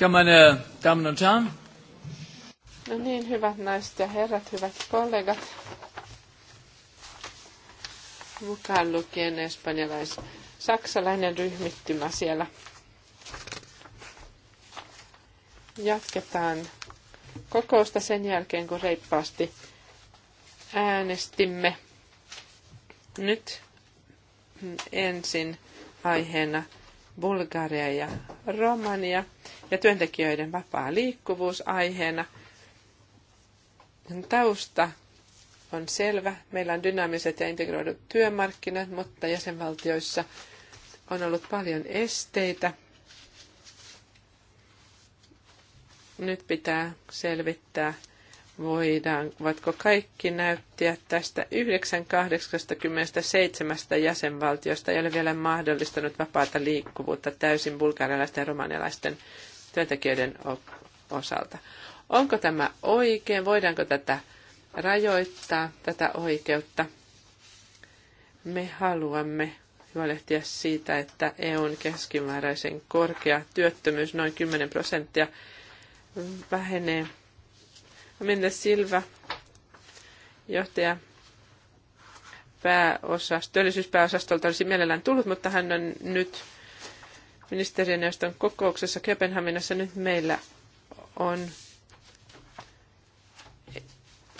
Ja, meine Damen und Herren. No niin, hyvät naiset ja herrat, hyvät kollegat. Mukaan lukien espanjalais-saksalainen ryhmittymä siellä. Jatketaan kokousta sen jälkeen, kun reippaasti äänestimme. Nyt ensin aiheena Bulgaria ja Romania – ja työntekijöiden vapaa liikkuvuus aiheena. Tausta on selvä. Meillä on dynaamiset ja integroidut työmarkkinat, mutta jäsenvaltioissa on ollut paljon esteitä. Nyt pitää selvittää, voidaan, voitko kaikki näyttiä tästä 987 jäsenvaltiosta ei ole vielä mahdollistanut vapaata liikkuvuutta täysin bulgarialaisten ja romanialaisten työntekijöiden osalta. Onko tämä oikein? Voidaanko tätä rajoittaa, tätä oikeutta? Me haluamme huolehtia siitä, että EUn keskimääräisen korkea työttömyys, noin 10 prosenttia, vähenee. Minne Silva, johtaja pääosast, työllisyyspääosastolta olisi mielellään tullut, mutta hän on nyt ministerineuvoston kokouksessa Kööpenhaminassa nyt meillä on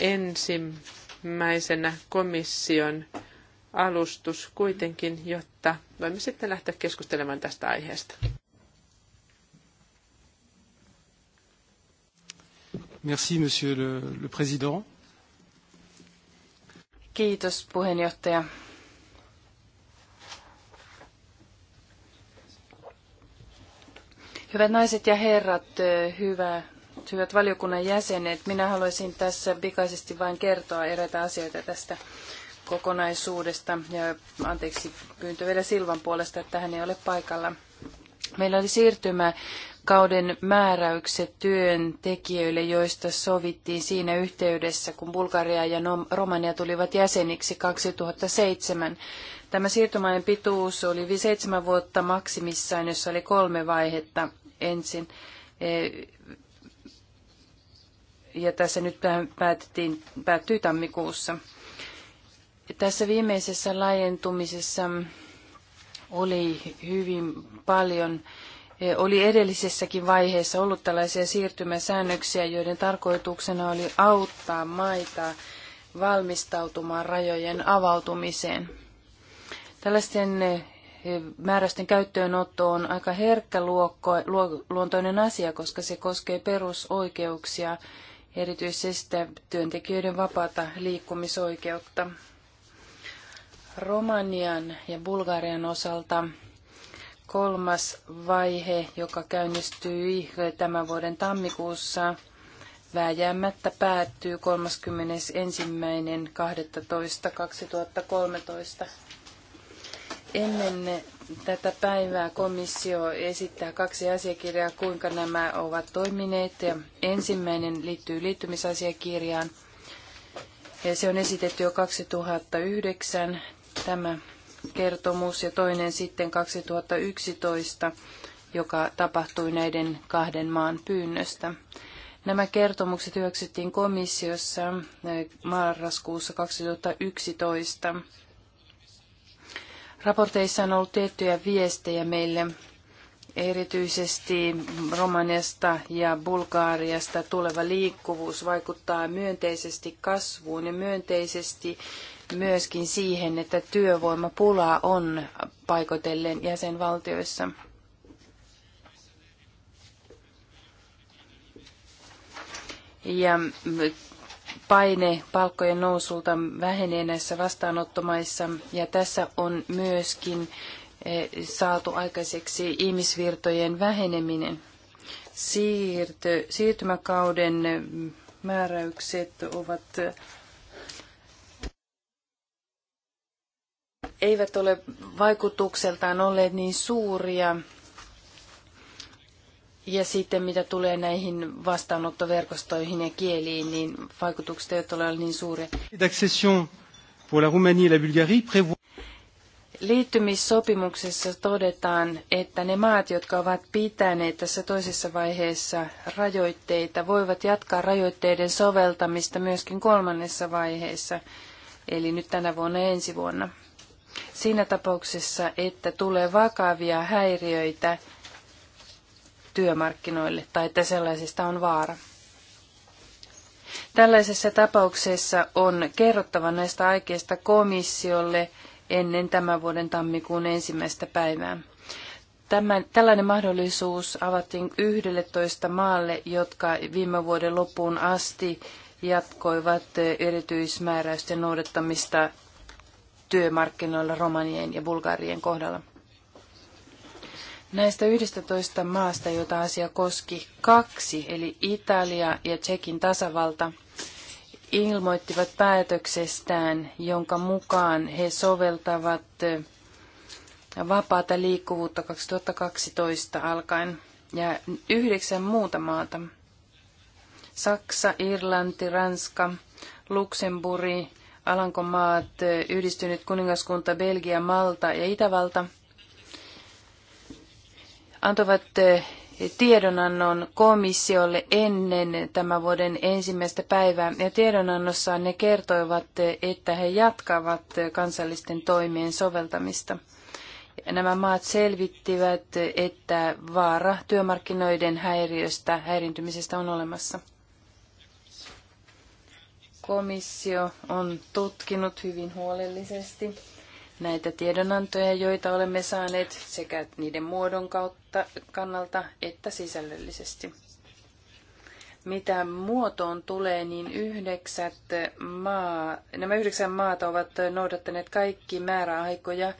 ensimmäisenä komission alustus kuitenkin, jotta voimme sitten lähteä keskustelemaan tästä aiheesta. Merci, monsieur le, le président. Kiitos puheenjohtaja. Hyvät naiset ja herrat, hyvä, hyvät valiokunnan jäsenet, minä haluaisin tässä pikaisesti vain kertoa eräitä asioita tästä kokonaisuudesta. Ja anteeksi pyyntö vielä Silvan puolesta, että hän ei ole paikalla. Meillä oli siirtymä kauden määräykset työntekijöille, joista sovittiin siinä yhteydessä, kun Bulgaria ja Romania tulivat jäseniksi 2007. Tämä siirtymäajan pituus oli seitsemän vuotta maksimissaan, jossa oli kolme vaihetta ensin. E, ja tässä nyt päätettiin, päättyi tammikuussa. Tässä viimeisessä laajentumisessa oli hyvin paljon e, oli edellisessäkin vaiheessa ollut tällaisia siirtymäsäännöksiä, joiden tarkoituksena oli auttaa maita valmistautumaan rajojen avautumiseen. Tällaisten e, Määräysten käyttöönotto on aika herkkä luokko, luontoinen asia, koska se koskee perusoikeuksia, erityisesti työntekijöiden vapaata liikkumisoikeutta. Romanian ja Bulgarian osalta kolmas vaihe, joka käynnistyi tämän vuoden tammikuussa, vääjäämättä päättyy 31.12.2013. Ennen tätä päivää komissio esittää kaksi asiakirjaa, kuinka nämä ovat toimineet. Ja ensimmäinen liittyy liittymisasiakirjaan. Ja se on esitetty jo 2009 tämä kertomus ja toinen sitten 2011, joka tapahtui näiden kahden maan pyynnöstä. Nämä kertomukset hyväksyttiin komissiossa eh, marraskuussa 2011. Raporteissa on ollut tiettyjä viestejä meille, erityisesti Romaniasta ja Bulgaariasta tuleva liikkuvuus vaikuttaa myönteisesti kasvuun ja myönteisesti myöskin siihen, että työvoimapulaa on paikotellen jäsenvaltioissa. Ja paine palkkojen nousulta vähenee näissä vastaanottomaissa ja tässä on myöskin eh, saatu aikaiseksi ihmisvirtojen väheneminen. Siirtö, siirtymäkauden mm, määräykset ovat eivät ole vaikutukseltaan olleet niin suuria ja sitten mitä tulee näihin vastaanottoverkostoihin ja kieliin, niin vaikutukset eivät ole niin suuria. Liittymissopimuksessa todetaan, että ne maat, jotka ovat pitäneet tässä toisessa vaiheessa rajoitteita, voivat jatkaa rajoitteiden soveltamista myöskin kolmannessa vaiheessa, eli nyt tänä vuonna ja ensi vuonna. Siinä tapauksessa, että tulee vakavia häiriöitä työmarkkinoille tai että sellaisista on vaara. Tällaisessa tapauksessa on kerrottava näistä aikeista komissiolle ennen tämän vuoden tammikuun ensimmäistä päivää. Tämä, tällainen mahdollisuus avattiin 11 maalle, jotka viime vuoden loppuun asti jatkoivat erityismääräysten noudattamista työmarkkinoilla romanien ja bulgarien kohdalla. Näistä 11 maasta, jota asia koski, kaksi, eli Italia ja Tsekin tasavalta, ilmoittivat päätöksestään, jonka mukaan he soveltavat eh, vapaata liikkuvuutta 2012 alkaen. Ja yhdeksän muuta maata, Saksa, Irlanti, Ranska, Luxemburg, Alankomaat, eh, Yhdistynyt kuningaskunta, Belgia, Malta ja Itävalta – antoivat eh, tiedonannon komissiolle ennen tämän vuoden ensimmäistä päivää. Ja tiedonannossaan ne kertoivat, eh, että he jatkavat eh, kansallisten toimien soveltamista. Nämä maat selvittivät, että vaara työmarkkinoiden häiriöstä, häirintymisestä on olemassa. Komissio on tutkinut hyvin huolellisesti näitä tiedonantoja, joita olemme saaneet sekä niiden muodon kautta kannalta että sisällöllisesti. Mitä muotoon tulee, niin yhdeksät maa, nämä yhdeksän maata ovat noudattaneet kaikki määräaikoja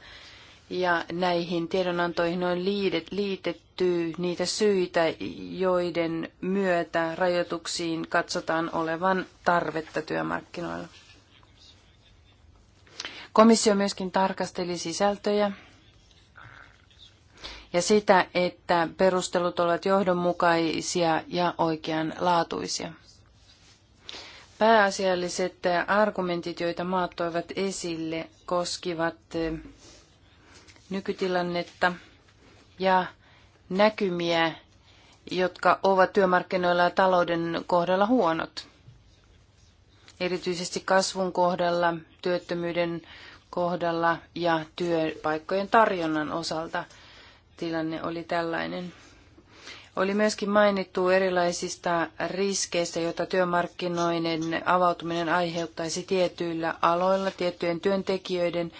ja näihin tiedonantoihin on liitetty niitä syitä, joiden myötä rajoituksiin katsotaan olevan tarvetta työmarkkinoilla. Komissio myöskin tarkasteli sisältöjä ja sitä, että perustelut ovat johdonmukaisia ja oikeanlaatuisia. Pääasialliset argumentit, joita maat toivat esille, koskivat eh, nykytilannetta ja näkymiä, jotka ovat työmarkkinoilla ja talouden kohdalla huonot. Erityisesti kasvun kohdalla, työttömyyden kohdalla ja työpaikkojen tarjonnan osalta – tilanne oli tällainen. Oli myöskin mainittu erilaisista riskeistä, joita työmarkkinoiden avautuminen aiheuttaisi tietyillä aloilla, tiettyjen työntekijöiden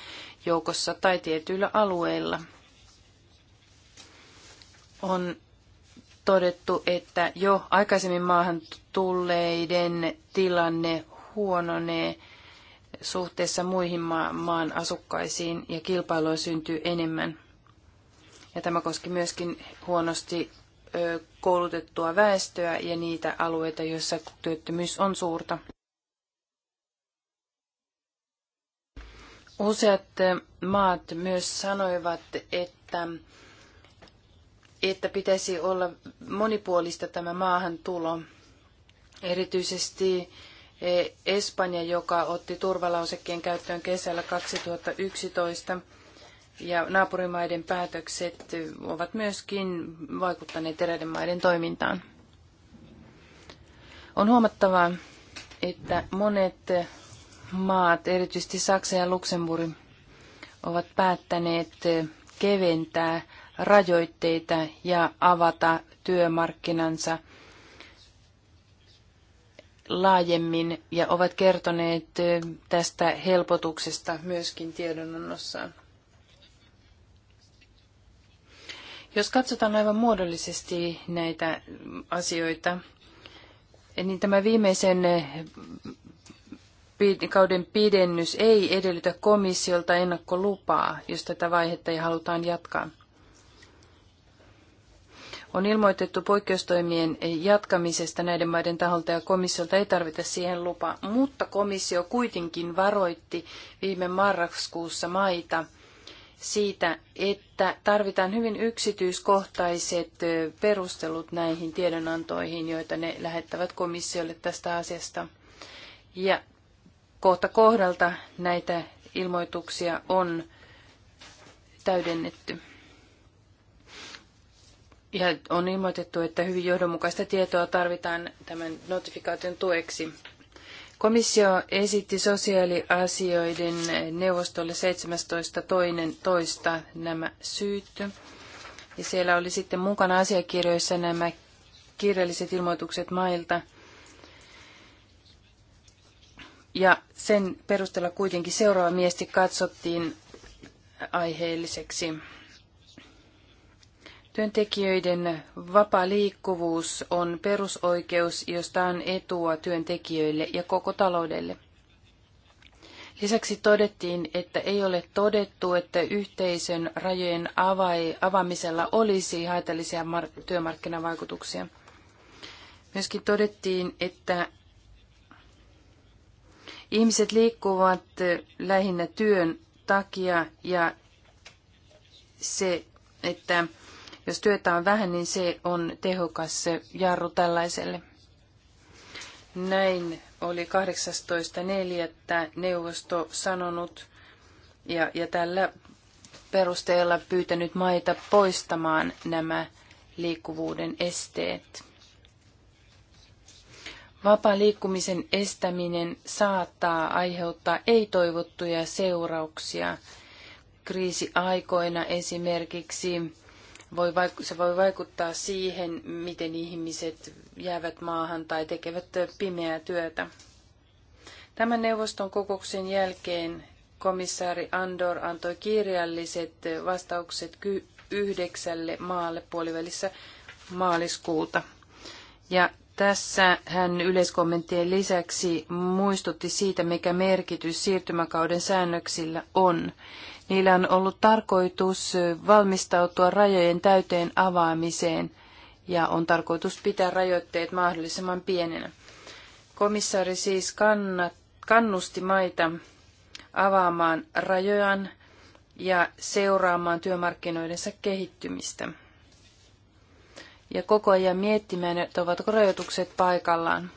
joukossa tai tietyillä alueilla. On todettu, että jo aikaisemmin maahan tulleiden tilanne huononee suhteessa muihin maan asukkaisiin ja kilpailua syntyy enemmän. Ja tämä koski myöskin huonosti koulutettua väestöä ja niitä alueita, joissa työttömyys on suurta. Useat maat myös sanoivat, että, että pitäisi olla monipuolista tämä maahantulo. Erityisesti Espanja, joka otti turvalausekkeen käyttöön kesällä 2011, ja naapurimaiden päätökset ovat myöskin vaikuttaneet eräiden maiden toimintaan. On huomattavaa, että monet maat, erityisesti Saksa ja Luxemburg, ovat päättäneet keventää rajoitteita ja avata työmarkkinansa laajemmin ja ovat kertoneet tästä helpotuksesta myöskin tiedonannossaan. Jos katsotaan aivan muodollisesti näitä asioita, niin tämä viimeisen eh, kauden pidennys ei edellytä komissiolta ennakkolupaa, jos tätä vaihetta ei halutaan jatkaa. On ilmoitettu poikkeustoimien jatkamisesta näiden maiden taholta ja komissiolta ei tarvita siihen lupaa, mutta komissio kuitenkin varoitti viime marraskuussa maita – siitä, että tarvitaan hyvin yksityiskohtaiset perustelut näihin tiedonantoihin, joita ne lähettävät komissiolle tästä asiasta. Ja kohta kohdalta näitä ilmoituksia on täydennetty. Ja on ilmoitettu, että hyvin johdonmukaista tietoa tarvitaan tämän notifikaation tueksi. Komissio esitti sosiaaliasioiden neuvostolle 17.2. nämä syyt. Ja siellä oli sitten mukana asiakirjoissa nämä kirjalliset ilmoitukset mailta. Ja sen perusteella kuitenkin seuraava miesti katsottiin aiheelliseksi. Työntekijöiden vapaa liikkuvuus on perusoikeus, josta on etua työntekijöille ja koko taloudelle. Lisäksi todettiin, että ei ole todettu, että yhteisön rajojen avaamisella olisi haitallisia työmarkkinavaikutuksia. Myöskin todettiin, että ihmiset liikkuvat lähinnä työn takia ja se, että jos työtä on vähän, niin se on tehokas se jarru tällaiselle. Näin oli 18.4. neuvosto sanonut ja, ja tällä perusteella pyytänyt maita poistamaan nämä liikkuvuuden esteet. Vapaan liikkumisen estäminen saattaa aiheuttaa ei-toivottuja seurauksia kriisiaikoina esimerkiksi voi se voi vaikuttaa siihen, miten ihmiset jäävät maahan tai tekevät pimeää työtä. Tämän neuvoston kokouksen jälkeen komissaari Andor antoi kirjalliset vastaukset yhdeksälle maalle puolivälissä maaliskuuta. Ja tässä hän yleiskommenttien lisäksi muistutti siitä, mikä merkitys siirtymäkauden säännöksillä on. Niillä on ollut tarkoitus valmistautua rajojen täyteen avaamiseen ja on tarkoitus pitää rajoitteet mahdollisimman pienenä. Komissaari siis kannat, kannusti maita avaamaan rajojaan ja seuraamaan työmarkkinoidensa kehittymistä. Ja koko ajan miettimään, että ovatko rajoitukset paikallaan.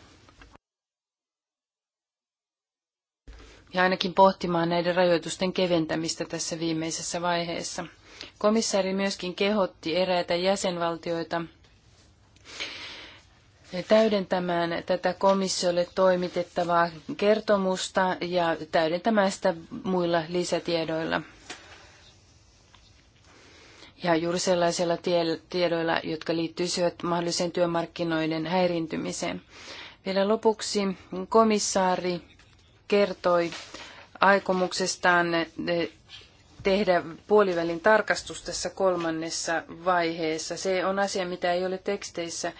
ja ainakin pohtimaan näiden rajoitusten keventämistä tässä viimeisessä vaiheessa. Komissaari myöskin kehotti eräitä jäsenvaltioita täydentämään tätä komissiolle toimitettavaa kertomusta ja täydentämään sitä muilla lisätiedoilla. Ja juuri sellaisilla tiedoilla, jotka liittyisivät mahdolliseen työmarkkinoiden häirintymiseen. Vielä lopuksi komissaari kertoi aikomuksestaan eh, tehdä puolivälin tarkastus tässä kolmannessa vaiheessa. Se on asia, mitä ei ole teksteissä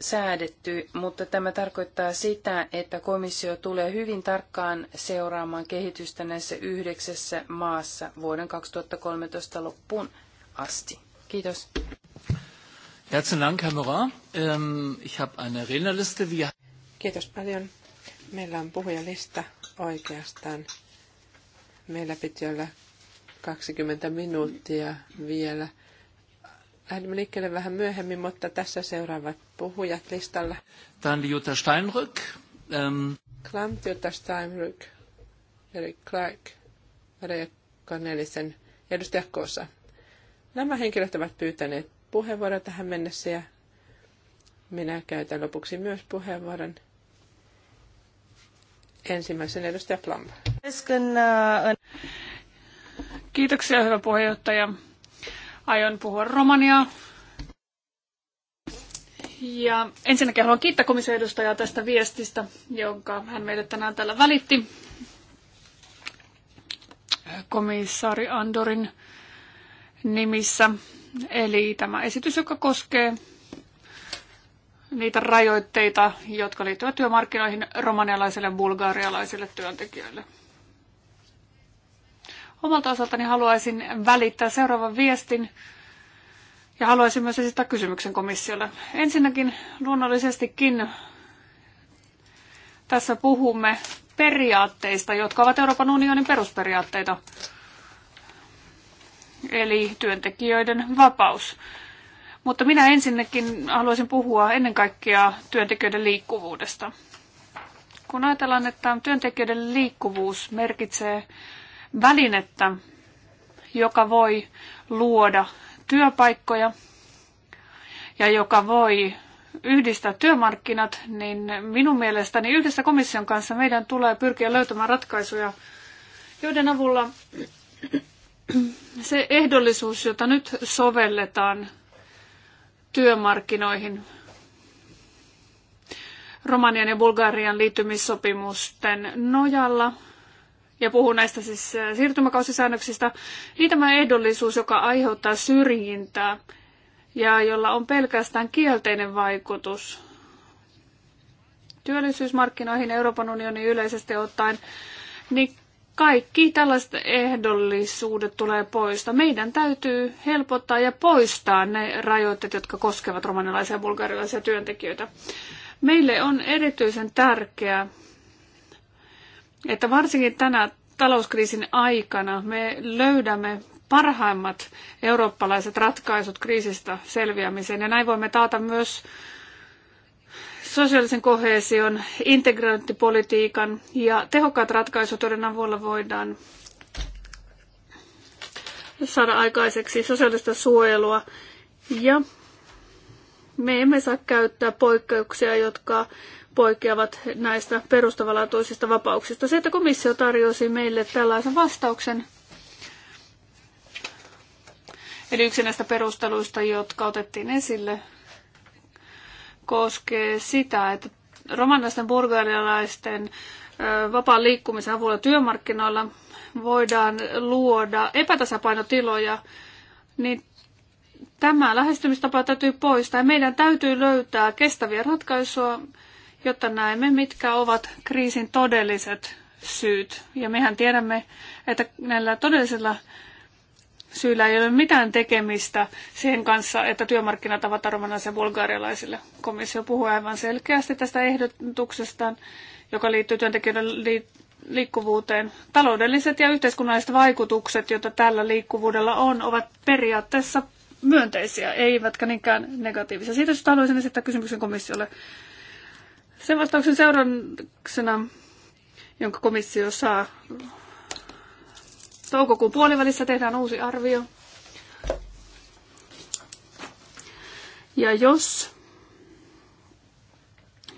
säädetty, mutta tämä tarkoittaa sitä, että komissio tulee hyvin tarkkaan seuraamaan kehitystä näissä yhdeksässä maassa vuoden 2013 loppuun asti. Kiitos. Herzlichen Dank, Herr Morin. Ähm, ich habe eine Rednerliste. Kiitos paljon. Meillä on puhujalista oikeastaan. Meillä piti olla 20 minuuttia vielä. Lähdemme liikkeelle vähän myöhemmin, mutta tässä seuraavat puhujat listalla. Dann Jutta Steinrück. Ähm. Klam Jutta Steinrück, Eric Clark, Maria Cornelisen edustaja Kosa. Nämä henkilöt ovat pyytäneet puheenvuoroa tähän mennessä ja minä käytän lopuksi myös puheenvuoron ensimmäisen edustaja Plumb. Kiitoksia, hyvä puheenjohtaja. Aion puhua romaniaa. Ja ensinnäkin haluan kiittää komission edustajaa tästä viestistä, jonka hän meille tänään täällä välitti. Komissaari Andorin nimissä. Eli tämä esitys, joka koskee niitä rajoitteita, jotka liittyvät työmarkkinoihin romanialaisille ja bulgarialaisille työntekijöille. Omalta osaltani haluaisin välittää seuraavan viestin ja haluaisin myös esittää kysymyksen komissiolle. Ensinnäkin luonnollisestikin tässä puhumme periaatteista, jotka ovat Euroopan unionin perusperiaatteita, eli työntekijöiden vapaus. Mutta minä ensinnäkin haluaisin puhua ennen kaikkea työntekijöiden liikkuvuudesta. Kun ajatellaan, että työntekijöiden liikkuvuus merkitsee välinettä, joka voi luoda työpaikkoja ja joka voi yhdistää työmarkkinat, niin minun mielestäni yhdessä komission kanssa meidän tulee pyrkiä löytämään ratkaisuja, joiden avulla se ehdollisuus, jota nyt sovelletaan työmarkkinoihin. Romanian ja Bulgarian liittymissopimusten nojalla ja puhun näistä siis äh, siirtymäkausisäännöksistä, niin tämä ehdollisuus, joka aiheuttaa syrjintää ja jolla on pelkästään kielteinen vaikutus työllisyysmarkkinoihin Euroopan unionin yleisesti ottaen, niin kaikki tällaiset ehdollisuudet tulee poistaa. Meidän täytyy helpottaa ja poistaa ne rajoitteet, jotka koskevat romanilaisia ja bulgarilaisia työntekijöitä. Meille on erityisen tärkeää, että varsinkin tänä talouskriisin aikana me löydämme parhaimmat eurooppalaiset ratkaisut kriisistä selviämiseen. Ja näin voimme taata myös sosiaalisen kohesion, integrointipolitiikan ja tehokkaat ratkaisut, joiden avulla voidaan saada aikaiseksi sosiaalista suojelua. Ja me emme saa käyttää poikkeuksia, jotka poikkeavat näistä perustavanlaatuisista vapauksista. Se, että komissio tarjosi meille tällaisen vastauksen, eli yksi näistä perusteluista, jotka otettiin esille, koskee sitä, että romanaisten bulgarialaisten vapaan liikkumisen avulla työmarkkinoilla voidaan luoda epätasapainotiloja, niin tämä lähestymistapa täytyy poistaa. Meidän täytyy löytää kestäviä ratkaisuja, jotta näemme, mitkä ovat kriisin todelliset syyt. Ja mehän tiedämme, että näillä todellisilla Syyllä ei ole mitään tekemistä sen kanssa, että työmarkkinat ovat arvonaisia bulgarialaisille. Komissio puhuu aivan selkeästi tästä ehdotuksestaan, joka liittyy työntekijöiden li- liikkuvuuteen. Taloudelliset ja yhteiskunnalliset vaikutukset, joita tällä liikkuvuudella on, ovat periaatteessa myönteisiä, eivätkä niinkään negatiivisia. Siitä syystä haluaisin esittää kysymyksen komissiolle. Sen vastauksen seurauksena, jonka komissio saa Toukokuun puolivälissä tehdään uusi arvio. Ja jos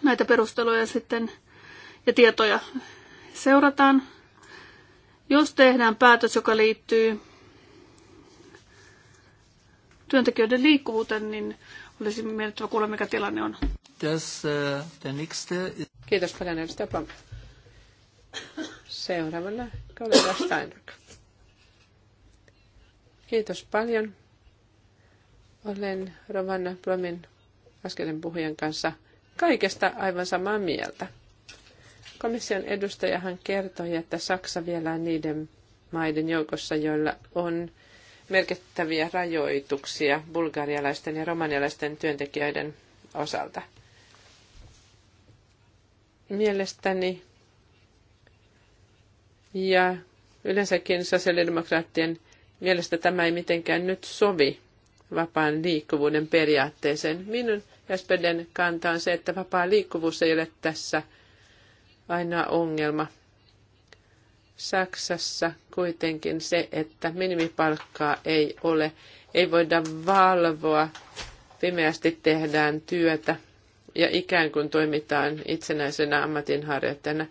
näitä perusteluja sitten ja tietoja seurataan, jos tehdään päätös, joka liittyy työntekijöiden liikkuvuuteen, niin olisi miellyttävä kuulla, mikä tilanne on. Äh, Kiitos paljon, edustaja Seuraavalla Kalle Steinrück. Kiitos paljon. Olen Rovanna Plomin äskeisen puhujan kanssa kaikesta aivan samaa mieltä. Komission edustajahan kertoi, että Saksa vielä on niiden maiden joukossa, joilla on merkittäviä rajoituksia bulgarialaisten ja romanialaisten työntekijöiden osalta. Mielestäni ja yleensäkin sosiaalidemokraattien Mielestä tämä ei mitenkään nyt sovi vapaan liikkuvuuden periaatteeseen. Minun Jäspeden kanta on se, että vapaa liikkuvuus ei ole tässä aina ongelma. Saksassa kuitenkin se, että minimipalkkaa ei ole, ei voida valvoa, pimeästi tehdään työtä ja ikään kuin toimitaan itsenäisenä ammatinharjoittajana.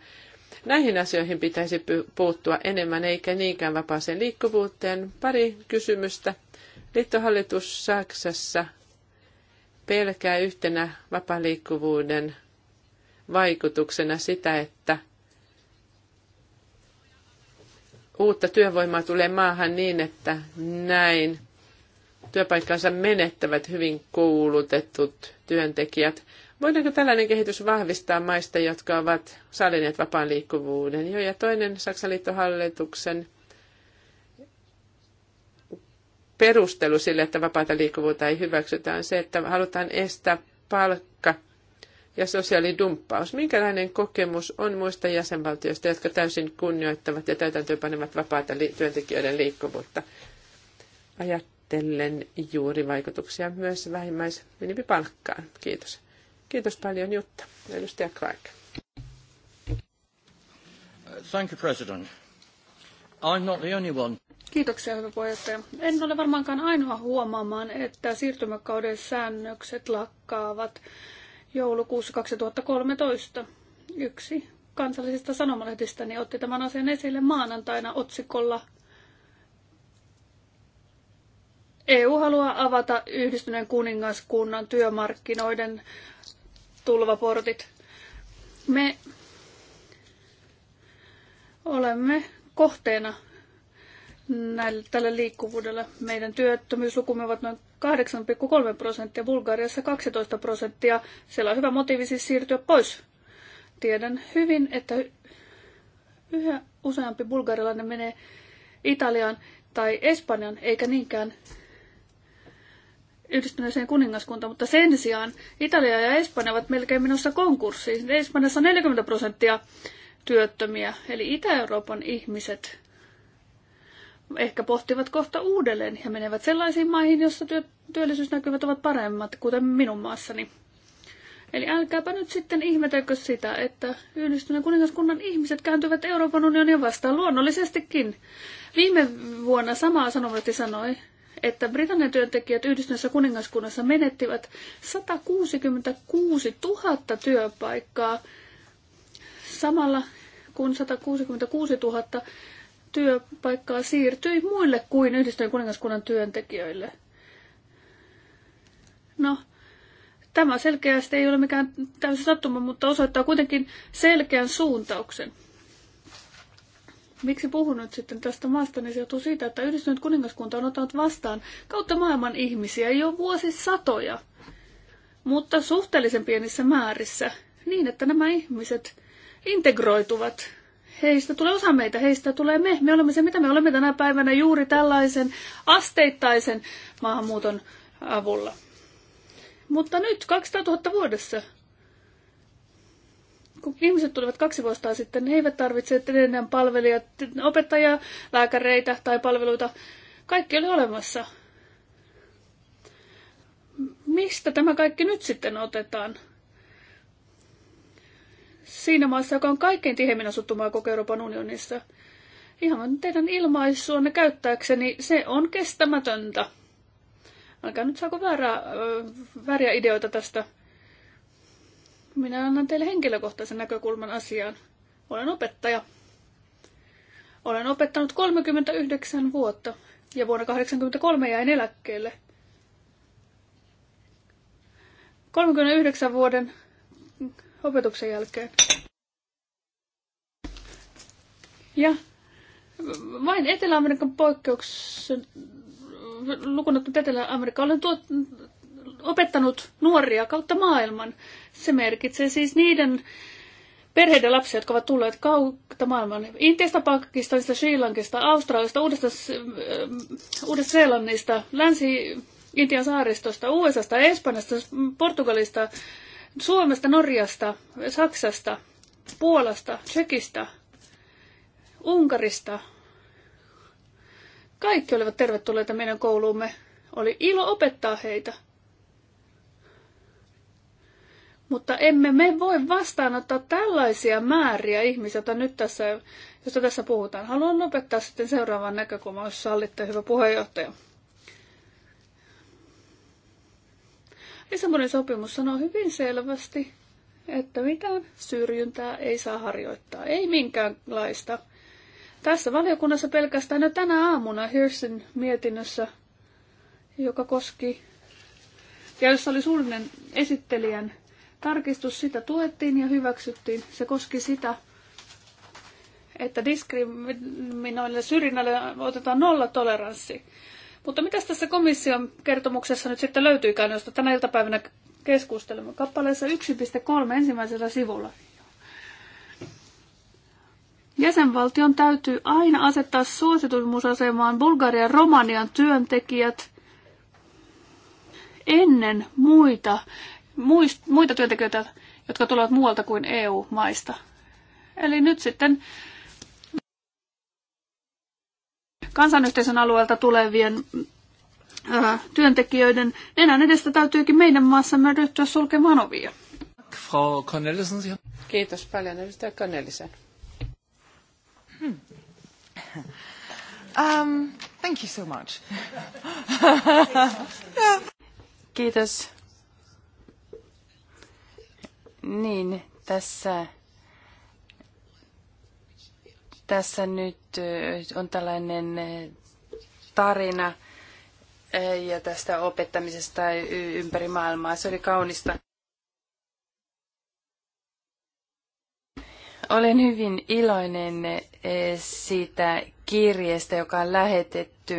Näihin asioihin pitäisi puuttua enemmän eikä niinkään vapaaseen liikkuvuuteen. Pari kysymystä. Liittohallitus Saksassa pelkää yhtenä vapaaliikkuvuuden vaikutuksena sitä, että uutta työvoimaa tulee maahan niin, että näin työpaikkansa menettävät hyvin koulutetut työntekijät. Voidaanko tällainen kehitys vahvistaa maista, jotka ovat sallineet vapaan liikkuvuuden? Joo, ja toinen Saksan liittohallituksen perustelu sille, että vapaata liikkuvuutta ei hyväksytä, on se, että halutaan estää palkka ja sosiaalidumppaus. Minkälainen kokemus on muista jäsenvaltioista, jotka täysin kunnioittavat ja täytäntöönpanevat vapaata li- työntekijöiden liikkuvuutta? Ajattelen juuri vaikutuksia myös vähimmäis- Kiitos. Kiitos paljon Jutta. Edustaja Craig. Thank you, President. I'm not the only one. Kiitoksia, hyvä puheenjohtaja. En ole varmaankaan ainoa huomaamaan, että siirtymäkauden säännökset lakkaavat joulukuussa 2013. Yksi kansallisista sanomalehdistäni niin otti tämän asian esille maanantaina otsikolla EU haluaa avata yhdistyneen kuningaskunnan työmarkkinoiden tulvaportit. Me olemme kohteena näille, tälle liikkuvuudelle. Meidän työttömyyslukumme ovat noin 8,3 prosenttia, Bulgariassa 12 prosenttia. Siellä on hyvä motiivi siis siirtyä pois. Tiedän hyvin, että yhä useampi bulgarilainen menee Italiaan tai Espanjan, eikä niinkään yhdistyneeseen kuningaskunta, mutta sen sijaan Italia ja Espanja ovat melkein menossa konkurssiin. Espanjassa on 40 prosenttia työttömiä, eli Itä-Euroopan ihmiset ehkä pohtivat kohta uudelleen ja menevät sellaisiin maihin, joissa työ, työllisyysnäkymät ovat paremmat, kuten minun maassani. Eli älkääpä nyt sitten ihmetelkö sitä, että yhdistyneen kuningaskunnan ihmiset kääntyvät Euroopan unionin vastaan luonnollisestikin. Viime vuonna samaa sanomasti sanoi että Britannian työntekijät yhdistyneessä kuningaskunnassa menettivät 166 000 työpaikkaa samalla kun 166 000 työpaikkaa siirtyi muille kuin yhdistyneen kuningaskunnan työntekijöille. No, tämä selkeästi ei ole mikään täysin sattuma, mutta osoittaa kuitenkin selkeän suuntauksen. Miksi puhun nyt sitten tästä maasta, niin se johtuu siitä, että yhdistynyt kuningaskunta on ottanut vastaan kautta maailman ihmisiä jo vuosisatoja, mutta suhteellisen pienissä määrissä, niin että nämä ihmiset integroituvat. Heistä tulee osa meitä, heistä tulee me. Me olemme se, mitä me olemme tänä päivänä juuri tällaisen asteittaisen maahanmuuton avulla. Mutta nyt 200 000 vuodessa kun ihmiset tulivat kaksi vuotta sitten, he eivät tarvitse enää palvelijoita, opettajia, lääkäreitä tai palveluita. Kaikki oli olemassa. Mistä tämä kaikki nyt sitten otetaan? Siinä maassa, joka on kaikkein tiheimmin asuttu maa koko Euroopan unionissa. Ihan teidän ilmaisuanne käyttääkseni, se on kestämätöntä. Älkää nyt saako väärää, väriä ideoita tästä minä annan teille henkilökohtaisen näkökulman asiaan. Olen opettaja. Olen opettanut 39 vuotta ja vuonna 1983 jäin eläkkeelle. 39 vuoden opetuksen jälkeen. Ja vain Etelä-Amerikan poikkeuksen lukunottamatta Etelä-Amerikka olen tuot, opettanut nuoria kautta maailman. Se merkitsee siis niiden perheiden lapsia, jotka ovat tulleet kautta maailman. Intiasta, Pakistanista, Sri Lankista, Australiasta, Uudesta, äh, Uudesta Seelannista, Länsi-Intian saaristosta, USAsta, Espanjasta, Portugalista, Suomesta, Norjasta, Saksasta, Puolasta, Tsekistä, Unkarista. Kaikki olivat tervetulleita meidän kouluumme. Oli ilo opettaa heitä. Mutta emme me voi vastaanottaa tällaisia määriä ihmisiä, joita nyt tässä, josta tässä puhutaan. Haluan lopettaa sitten seuraavan näkökulman, jos sallitte, hyvä puheenjohtaja. Lissabonin sopimus sanoo hyvin selvästi, että mitään syrjintää ei saa harjoittaa, ei minkäänlaista. Tässä valiokunnassa pelkästään jo tänä aamuna Hirsin mietinnössä, joka koski, ja jossa oli suullinen esittelijän Tarkistus sitä tuettiin ja hyväksyttiin. Se koski sitä, että diskriminoille syrjinnälle otetaan nolla toleranssi. Mutta mitä tässä komission kertomuksessa nyt sitten löytyykään, josta tänä iltapäivänä keskustelemme kappaleessa 1.3 ensimmäisellä sivulla. Jäsenvaltion täytyy aina asettaa suositumusasemaan Bulgarian ja Romanian työntekijät ennen muita muita työntekijöitä, jotka tulevat muualta kuin EU-maista. Eli nyt sitten kansanyhteisön alueelta tulevien työntekijöiden nenän edestä täytyykin meidän maassamme ryhtyä sulkemaan ovia. Frau Cornelissen. Kiitos paljon, edustaja Cornelissen. Hmm. Um, thank you so much. Kiitos niin, tässä, tässä nyt on tällainen tarina ja tästä opettamisesta ympäri maailmaa. Se oli kaunista. Olen hyvin iloinen siitä kirjeestä, joka on lähetetty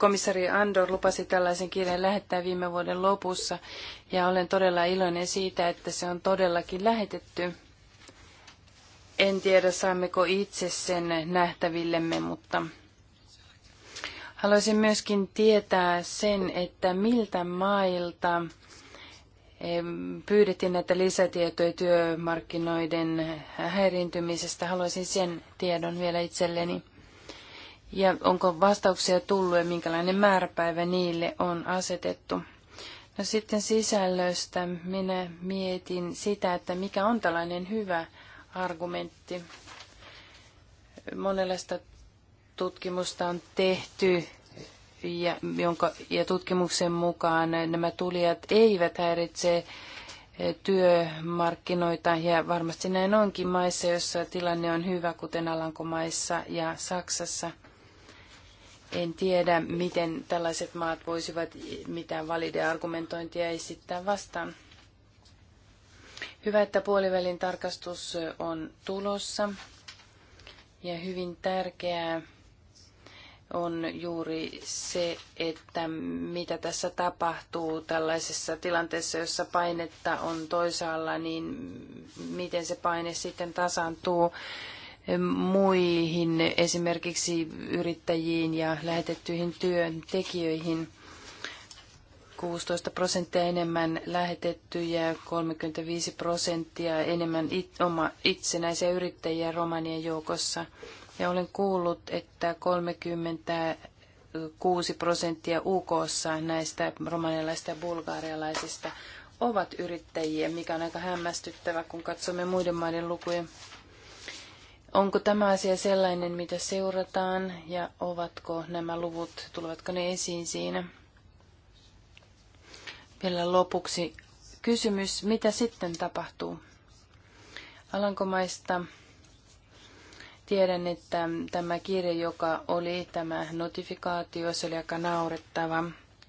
komissari Andor lupasi tällaisen kirjeen lähettää viime vuoden lopussa ja olen todella iloinen siitä, että se on todellakin lähetetty. En tiedä, saammeko itse sen nähtävillemme, mutta haluaisin myöskin tietää sen, että miltä mailta pyydettiin näitä lisätietoja työmarkkinoiden häiriintymisestä. Haluaisin sen tiedon vielä itselleni ja onko vastauksia tullut ja minkälainen määräpäivä niille on asetettu. No sitten sisällöstä minä mietin sitä, että mikä on tällainen hyvä argumentti. Monenlaista tutkimusta on tehty ja, jonka, ja tutkimuksen mukaan nämä tulijat eivät häiritse työmarkkinoita ja varmasti näin onkin maissa, joissa tilanne on hyvä, kuten Alankomaissa ja Saksassa – en tiedä, miten tällaiset maat voisivat mitään valide argumentointia esittää vastaan. Hyvä, että puolivälin tarkastus on tulossa. Ja hyvin tärkeää on juuri se, että mitä tässä tapahtuu tällaisessa tilanteessa, jossa painetta on toisaalla, niin miten se paine sitten tasantuu muihin, esimerkiksi yrittäjiin ja lähetettyihin työntekijöihin. 16 prosenttia enemmän lähetettyjä, 35 prosenttia enemmän it, oma, itsenäisiä yrittäjiä romanien joukossa. Ja olen kuullut, että 36 prosenttia UK näistä romanialaisista ja bulgaarialaisista ovat yrittäjiä, mikä on aika hämmästyttävä, kun katsomme muiden maiden lukuja. Onko tämä asia sellainen, mitä seurataan ja ovatko nämä luvut, tulevatko ne esiin siinä? Vielä lopuksi kysymys, mitä sitten tapahtuu? Alankomaista tiedän, että tämä kirja, joka oli tämä notifikaatio, se oli aika naurettava,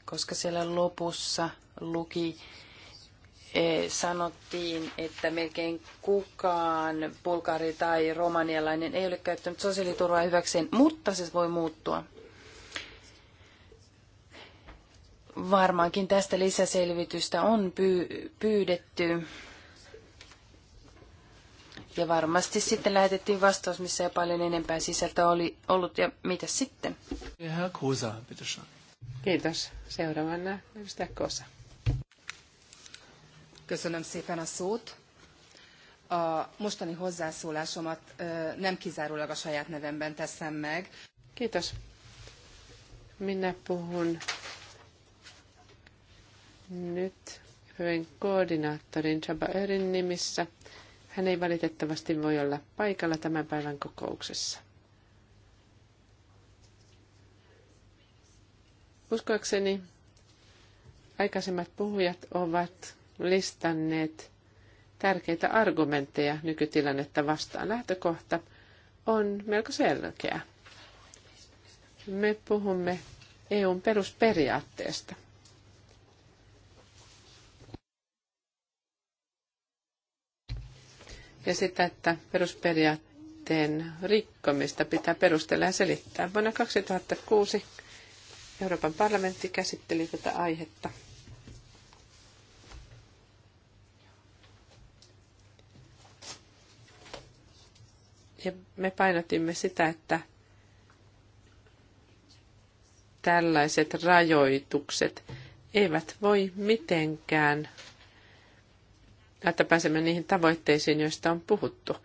koska siellä lopussa luki Eh, sanottiin, että melkein kukaan bulgari tai romanialainen ei ole käyttänyt sosiaaliturvaa hyväkseen, mutta se voi muuttua. Varmaankin tästä lisäselvitystä on pyydetty. Ja varmasti sitten lähetettiin vastaus, missä ei paljon enempää sisältöä oli ollut. Ja mitä sitten? Herr Kiitos. Seuraavana edustaja Kosa. Köszönöm szépen a szót. A mostani hozzászólásomat nem kizárólag a saját nevemben teszem meg. Kiitos. Minä puhun nyt hyvin koordinaattorin Chaba Örin nimissä. Hän ei valitettavasti voi olla paikalla tämän päivän kokouksessa. Uskoakseni aikaisemmat puhujat ovat listanneet tärkeitä argumentteja nykytilannetta vastaan. Lähtökohta on melko selkeä. Me puhumme EUn perusperiaatteesta. Ja sitä, että perusperiaatteen rikkomista pitää perustella ja selittää. Vuonna 2006 Euroopan parlamentti käsitteli tätä aihetta. Ja me painotimme sitä, että tällaiset rajoitukset eivät voi mitenkään, että pääsemme niihin tavoitteisiin, joista on puhuttu.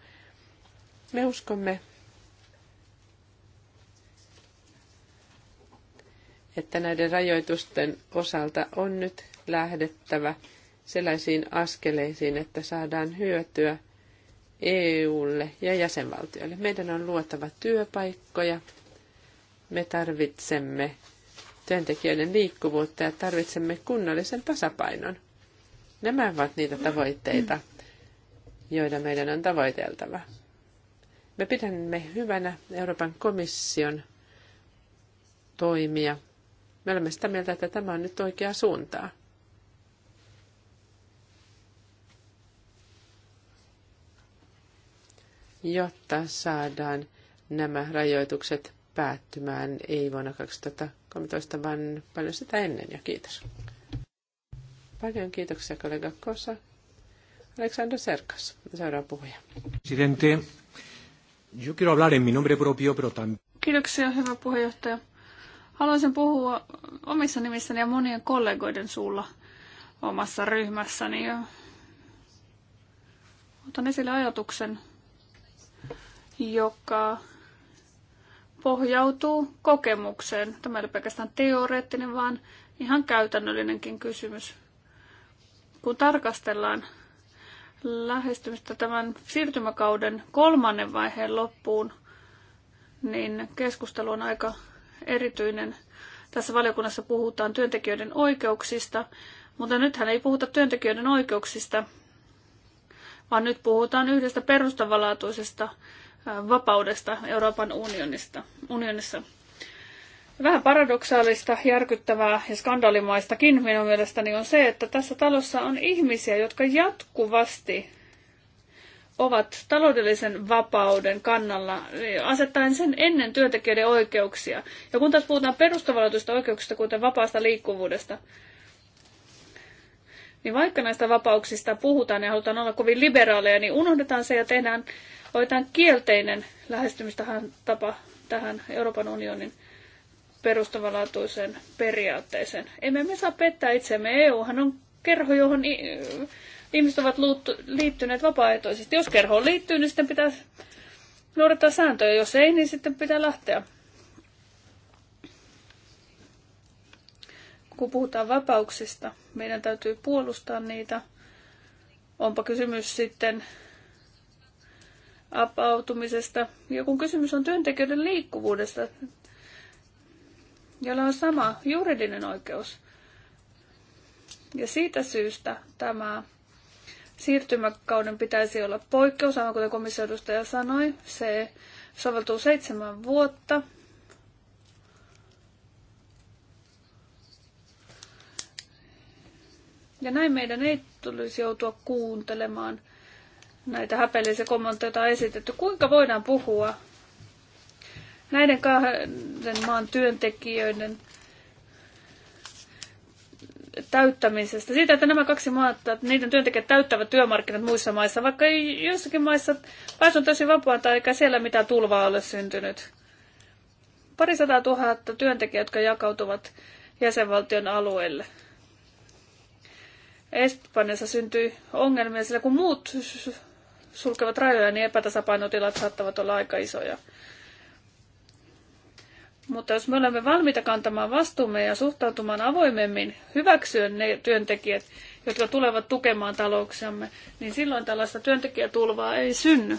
Me uskomme, että näiden rajoitusten osalta on nyt lähdettävä sellaisiin askeleisiin, että saadaan hyötyä EUlle ja jäsenvaltioille. Meidän on luotava työpaikkoja. Me tarvitsemme työntekijöiden liikkuvuutta ja tarvitsemme kunnollisen tasapainon. Nämä ovat niitä tavoitteita, joita meidän on tavoiteltava. Me pidämme hyvänä Euroopan komission toimia. Me olemme sitä mieltä, että tämä on nyt oikea suuntaa. jotta saadaan nämä rajoitukset päättymään ei vuonna 2013, vaan paljon sitä ennen ja kiitos. Paljon kiitoksia kollega Kosa. Aleksandr Serkas, seuraava puhuja. Presidente, yo quiero hablar en mi nombre propio, pero también... Kiitoksia, hyvä puheenjohtaja. Haluaisin puhua omissa nimissäni ja monien kollegoiden suulla omassa ryhmässäni. Otan esille ajatuksen, joka pohjautuu kokemukseen. Tämä ei ole pelkästään teoreettinen, vaan ihan käytännöllinenkin kysymys. Kun tarkastellaan lähestymistä tämän siirtymäkauden kolmannen vaiheen loppuun, niin keskustelu on aika erityinen. Tässä valiokunnassa puhutaan työntekijöiden oikeuksista, mutta nythän ei puhuta työntekijöiden oikeuksista, vaan nyt puhutaan yhdestä perustavanlaatuisesta vapaudesta Euroopan unionista, unionissa. Vähän paradoksaalista, järkyttävää ja skandaalimaistakin minun mielestäni on se, että tässä talossa on ihmisiä, jotka jatkuvasti ovat taloudellisen vapauden kannalla, asettaen sen ennen työntekijöiden oikeuksia. Ja kun taas puhutaan perustavalloituista oikeuksista, kuten vapaasta liikkuvuudesta, niin vaikka näistä vapauksista puhutaan ja halutaan olla kovin liberaaleja, niin unohdetaan se ja tehdään Oitan kielteinen lähestymistapa tähän Euroopan unionin perustavanlaatuiseen periaatteeseen. Emme me saa pettää itseämme. EUhan on kerho, johon ihmiset ovat liittyneet vapaaehtoisesti. Jos kerhoon liittyy, niin sitten pitää noudattaa sääntöjä. Jos ei, niin sitten pitää lähteä. Kun puhutaan vapauksista, meidän täytyy puolustaa niitä. Onpa kysymys sitten apautumisesta. Ja kun kysymys on työntekijöiden liikkuvuudesta, jolla on sama juridinen oikeus. Ja siitä syystä tämä siirtymäkauden pitäisi olla poikkeus, aivan kuten komissiodustaja sanoi. Se soveltuu seitsemän vuotta. Ja näin meidän ei tulisi joutua kuuntelemaan – näitä häpeellisiä kommentteja, on esitetty. Kuinka voidaan puhua näiden kahden maan työntekijöiden täyttämisestä, siitä, että nämä kaksi maata, niiden työntekijät täyttävät työmarkkinat muissa maissa, vaikka joissakin maissa pääsy on tosi vapaata eikä siellä mitään tulvaa ole syntynyt. sataa tuhatta työntekijää, jotka jakautuvat jäsenvaltion alueelle. Espanjassa syntyi ongelmia, sillä kun muut sulkevat rajoja, niin epätasapainotilat saattavat olla aika isoja. Mutta jos me olemme valmiita kantamaan vastuumme ja suhtautumaan avoimemmin, hyväksyä ne työntekijät, jotka tulevat tukemaan talouksiamme, niin silloin tällaista työntekijätulvaa ei synny.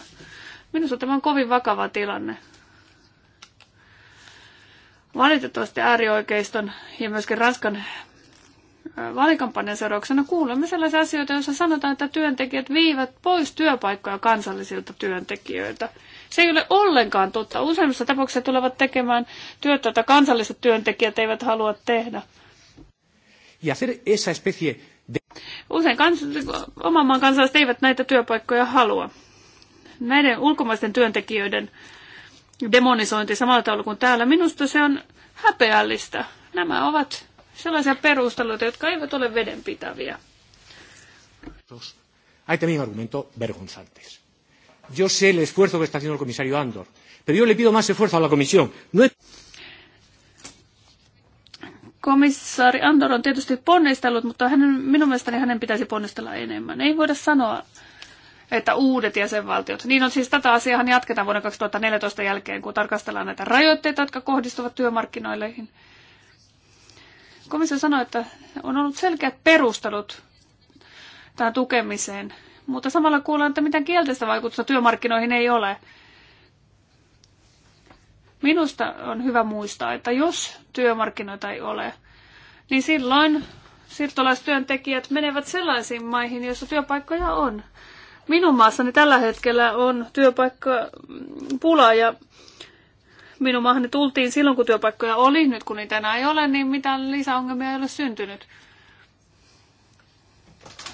Minusta tämä on kovin vakava tilanne. Valitettavasti äärioikeiston ja myöskin Ranskan vaalikampanjan seurauksena kuulemme sellaisia asioita, joissa sanotaan, että työntekijät viivät pois työpaikkoja kansallisilta työntekijöiltä. Se ei ole ollenkaan totta. Useimmissa tapauksissa tulevat tekemään työtä, jota kansalliset työntekijät eivät halua tehdä. Ja se, esa especie de... Usein kans, oman maan kansalaiset eivät näitä työpaikkoja halua. Näiden ulkomaisten työntekijöiden demonisointi samalla tavalla kuin täällä, minusta se on häpeällistä. Nämä ovat sellaisia perusteluita, jotka eivät ole vedenpitäviä. Hay también argumentos vergonzantes. Yo sé el esfuerzo que está haciendo el comisario Andor, pero yo le pido más esfuerzo a la comisión. No es... Komissaari Andor on tietysti ponnistellut, mutta hänen, minun mielestäni hänen pitäisi ponnistella enemmän. Ei voida sanoa, että uudet jäsenvaltiot. Niin on siis tätä asiaa jatketaan vuoden 2014 jälkeen, kun tarkastellaan näitä rajoitteita, jotka kohdistuvat työmarkkinoilleihin. Komissio sanoi, että on ollut selkeät perustelut tähän tukemiseen, mutta samalla kuullaan, että mitään kielteistä vaikutusta työmarkkinoihin ei ole. Minusta on hyvä muistaa, että jos työmarkkinoita ei ole, niin silloin siirtolaistyöntekijät menevät sellaisiin maihin, joissa työpaikkoja on. Minun maassani tällä hetkellä on työpaikka pula ja minun maahan tultiin silloin, kun työpaikkoja oli. Nyt kun niitä enää ei ole, niin mitään lisäongelmia ei ole syntynyt.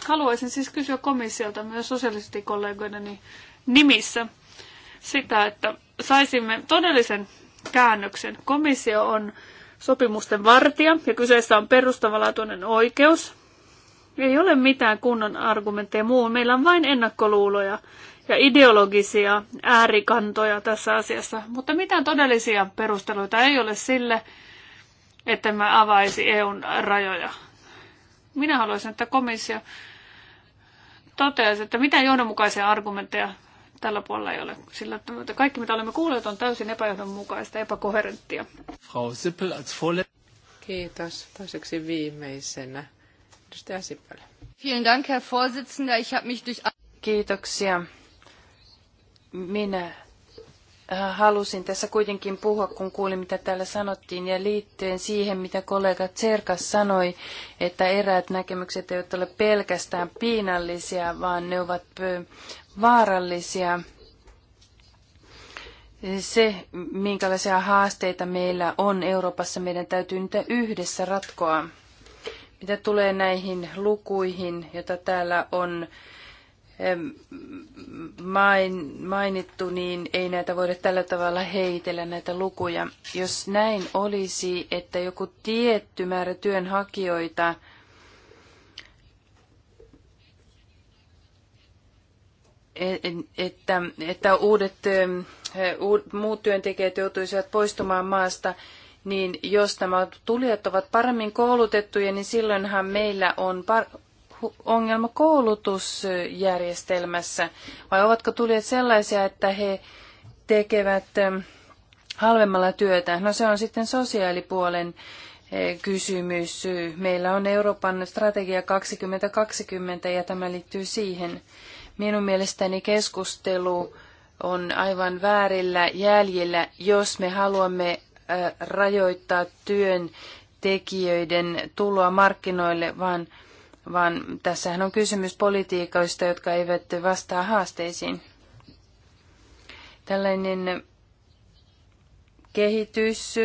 Haluaisin siis kysyä komissiolta myös sosiaalisesti kollegoideni nimissä sitä, että saisimme todellisen käännöksen. Komissio on sopimusten vartija ja kyseessä on perustavanlaatuinen oikeus. Ei ole mitään kunnon argumentteja muun Meillä on vain ennakkoluuloja ja ideologisia äärikantoja tässä asiassa, mutta mitään todellisia perusteluita ei ole sille, että mä avaisi EUn rajoja. Minä haluaisin, että komissio toteaisi, että mitään johdonmukaisia argumentteja tällä puolella ei ole, sillä että kaikki mitä olemme kuulleet on täysin epäjohdonmukaista, epäkoherenttia. Frau Sippel als Kiitos. Toiseksi viimeisenä. Edustaja Sippel. Vielen Dank, Herr Vorsitzender. Ich habe mich durch... Kiitoksia minä äh, halusin tässä kuitenkin puhua, kun kuulin, mitä täällä sanottiin, ja liittyen siihen, mitä kollega Tserkas sanoi, että eräät näkemykset eivät ole pelkästään piinallisia, vaan ne ovat vaarallisia. Se, minkälaisia haasteita meillä on Euroopassa, meidän täytyy niitä yhdessä ratkoa. Mitä tulee näihin lukuihin, joita täällä on main, mainittu, niin ei näitä voida tällä tavalla heitellä näitä lukuja. Jos näin olisi, että joku tietty määrä työnhakijoita e, e, että, että uudet, muut työntekijät joutuisivat poistumaan maasta, niin jos nämä tulijat ovat paremmin koulutettuja, niin silloinhan meillä on par- ongelma koulutusjärjestelmässä? Vai ovatko tulijat sellaisia, että he tekevät ähm, halvemmalla työtä? No se on sitten sosiaalipuolen äh, kysymys. Meillä on Euroopan strategia 2020 ja tämä liittyy siihen. Minun mielestäni keskustelu on aivan väärillä jäljillä, jos me haluamme äh, rajoittaa työn tekijöiden tuloa markkinoille, vaan vaan tässähän on kysymys politiikoista, jotka eivät vastaa haasteisiin. Tällainen kehitys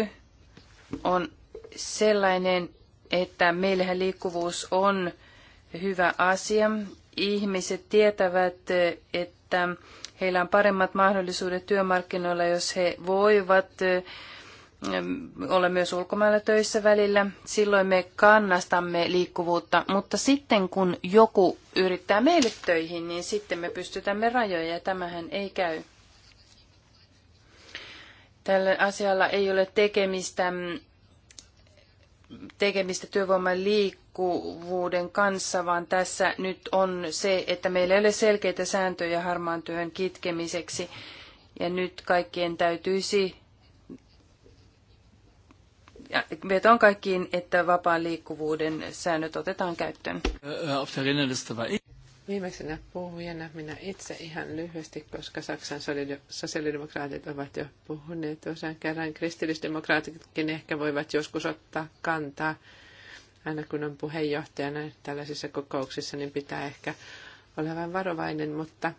on sellainen, että meillähän liikkuvuus on hyvä asia. Ihmiset tietävät, että heillä on paremmat mahdollisuudet työmarkkinoilla, jos he voivat olla myös ulkomailla töissä välillä. Silloin me kannastamme liikkuvuutta, mutta sitten kun joku yrittää meille töihin, niin sitten me pystytämme rajoja ja tämähän ei käy. Tällä asialla ei ole tekemistä, tekemistä työvoiman liikkuvuuden kanssa, vaan tässä nyt on se, että meillä ei ole selkeitä sääntöjä harmaan työn kitkemiseksi. Ja nyt kaikkien täytyisi vetoan kaikkiin, että vapaan liikkuvuuden säännöt otetaan käyttöön. Äh, Viimeisenä puhujana minä itse ihan lyhyesti, koska Saksan sosiaalidemokraatit ovat jo puhuneet osan kerran. Kristillisdemokraatitkin ehkä voivat joskus ottaa kantaa, aina kun on puheenjohtajana tällaisissa kokouksissa, niin pitää ehkä olla vähän varovainen, mutta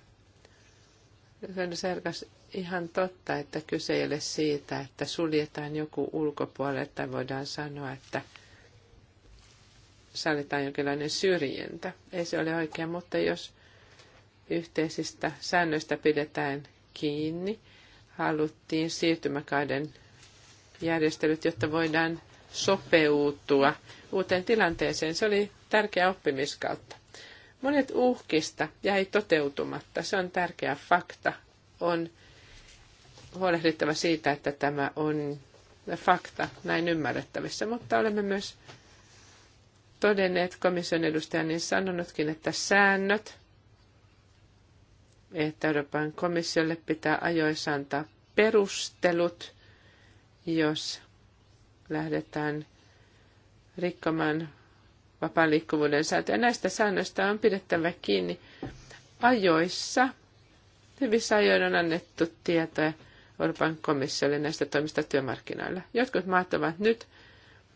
ihan totta, että kyse ei ole siitä, että suljetaan joku ulkopuolelle tai voidaan sanoa, että sallitaan jonkinlainen syrjintä. Ei se ole oikein, mutta jos yhteisistä säännöistä pidetään kiinni, haluttiin siirtymäkauden järjestelyt, jotta voidaan sopeutua uuteen tilanteeseen. Se oli tärkeä oppimiskautta. Monet uhkista jäi toteutumatta. Se on tärkeä fakta. On huolehdittava siitä, että tämä on fakta näin ymmärrettävissä, mutta olemme myös todenneet, komission edustaja niin sanonutkin, että säännöt, että Euroopan komissiolle pitää ajoissa antaa perustelut, jos lähdetään rikkomaan vapaan liikkuvuuden sääntöjä. Näistä säännöistä on pidettävä kiinni ajoissa. Hyvissä ajoin on annettu tietoja Euroopan komissiolle näistä toimista työmarkkinoilla. Jotkut maat ovat nyt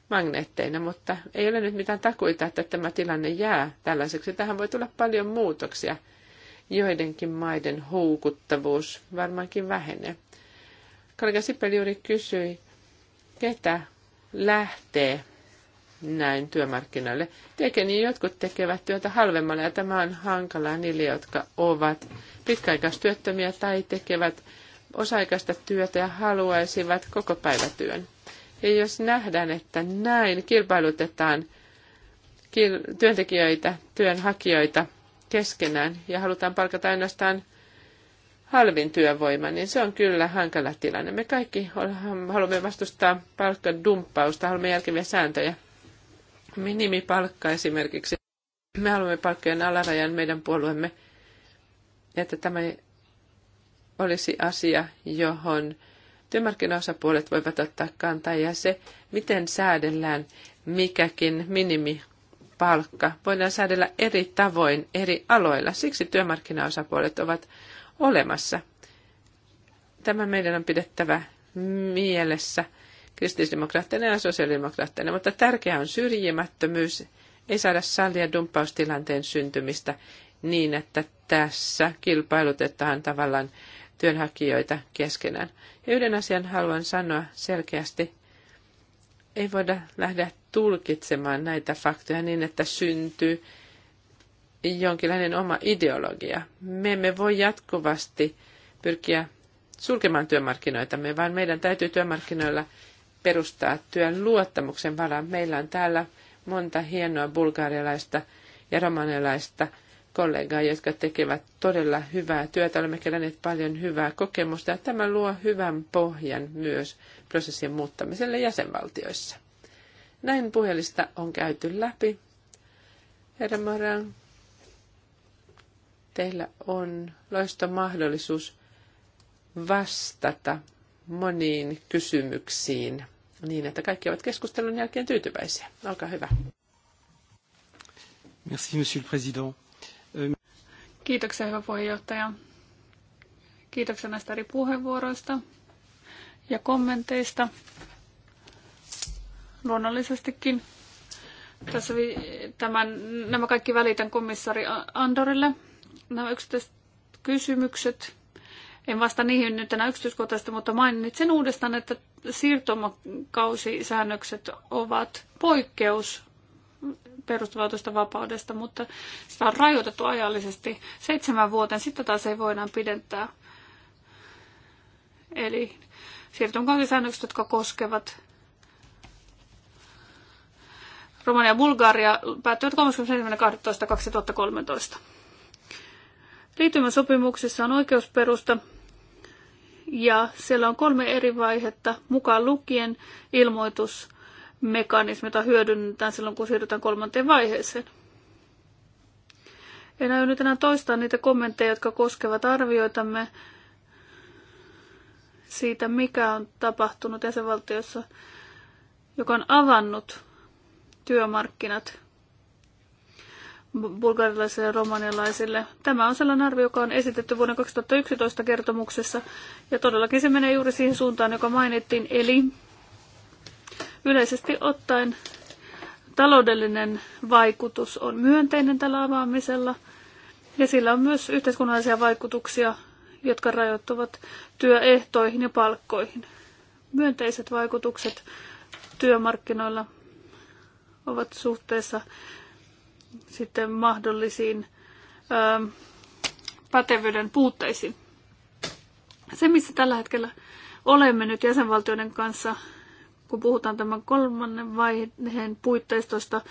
magneetteina, mutta ei ole nyt mitään takuita, että tämä tilanne jää tällaiseksi. Tähän voi tulla paljon muutoksia. Joidenkin maiden houkuttavuus varmaankin vähenee. Kollega Sipeli juuri kysyi, ketä lähtee näin työmarkkinoille. Tekee niin jotkut tekevät työtä halvemmalla ja tämä on hankalaa niille, jotka ovat pitkäaikaistyöttömiä tai tekevät osa-aikaista työtä ja haluaisivat koko päivätyön. Ja jos nähdään, että näin kilpailutetaan työntekijöitä, työnhakijoita keskenään ja halutaan palkata ainoastaan halvin työvoima, niin se on kyllä hankala tilanne. Me kaikki haluamme vastustaa palkkadumppausta, haluamme järkeviä sääntöjä. Minimipalkka esimerkiksi. Me haluamme palkkojen alarajan meidän puolueemme, että tämä olisi asia, johon työmarkkinaosapuolet voivat ottaa kantaa ja se, miten säädellään mikäkin minimipalkka, voidaan säädellä eri tavoin eri aloilla. Siksi työmarkkinaosapuolet ovat olemassa. Tämä meidän on pidettävä mielessä kristillisdemokraatteina ja sosiaalidemokraatteina, mutta tärkeää on syrjimättömyys. Ei saada sallia dumppaustilanteen syntymistä niin, että tässä kilpailutetaan tavallaan työnhakijoita keskenään. Ja yhden asian haluan sanoa selkeästi. Ei voida lähteä tulkitsemaan näitä faktoja niin, että syntyy jonkinlainen oma ideologia. Me emme voi jatkuvasti pyrkiä sulkemaan me vaan meidän täytyy työmarkkinoilla perustaa työn luottamuksen varaan. Meillä on täällä monta hienoa bulgarialaista ja romanialaista kollegaa, jotka tekevät todella hyvää työtä. Olemme keränneet paljon hyvää kokemusta ja tämä luo hyvän pohjan myös prosessin muuttamiselle jäsenvaltioissa. Näin puhelista on käyty läpi. Herra Moran, teillä on mahdollisuus vastata moniin kysymyksiin niin, että kaikki ovat keskustelun jälkeen tyytyväisiä. Olkaa hyvä. Merci, monsieur le président. Kiitoksia, hyvä puheenjohtaja. Kiitoksia näistä eri puheenvuoroista ja kommenteista. Luonnollisestikin tässä vi, tämän, nämä kaikki välitän komissari Andorille. Nämä yksittäiset kysymykset. En vasta niihin nyt enää yksityiskohtaisesti, mutta mainitsen uudestaan, että siirtomakausisäännökset ovat poikkeus perustuvaltuista vapaudesta, mutta sitä on rajoitettu ajallisesti seitsemän vuoteen. Sitten taas ei voidaan pidentää. Eli säännökset, jotka koskevat Romania ja Bulgaria, päättyvät 31.12.2013. sopimuksessa on oikeusperusta ja siellä on kolme eri vaihetta, mukaan lukien ilmoitus mekanismi, jota hyödynnetään silloin, kun siirrytään kolmanteen vaiheeseen. En aio nyt enää toistaa niitä kommentteja, jotka koskevat arvioitamme siitä, mikä on tapahtunut jäsenvaltiossa, joka on avannut työmarkkinat bulgarilaisille ja romanialaisille. Tämä on sellainen arvio, joka on esitetty vuoden 2011 kertomuksessa, ja todellakin se menee juuri siihen suuntaan, joka mainittiin, eli Yleisesti ottaen taloudellinen vaikutus on myönteinen tällä avaamisella ja sillä on myös yhteiskunnallisia vaikutuksia, jotka rajoittuvat työehtoihin ja palkkoihin. Myönteiset vaikutukset työmarkkinoilla ovat suhteessa sitten mahdollisiin ö, ähm, pätevyyden puutteisiin. Se, missä tällä hetkellä olemme nyt jäsenvaltioiden kanssa kun puhutaan tämän kolmannen vaiheen puitteistosta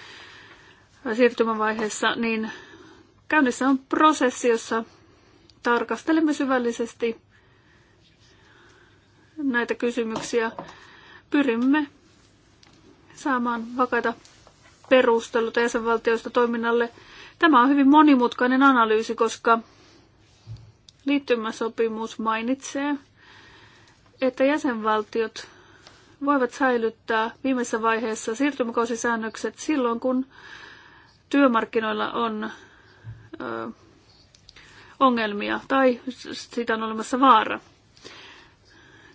äh, siirtymävaiheessa, niin käynnissä on prosessi, jossa tarkastelemme syvällisesti näitä kysymyksiä. Pyrimme saamaan vakaita perusteluita jäsenvaltioista toiminnalle. Tämä on hyvin monimutkainen analyysi, koska liittymäsopimus mainitsee, että jäsenvaltiot voivat säilyttää viimeisessä vaiheessa siirtymäkausisäännökset silloin, kun työmarkkinoilla on ö, ongelmia tai siitä on olemassa vaara.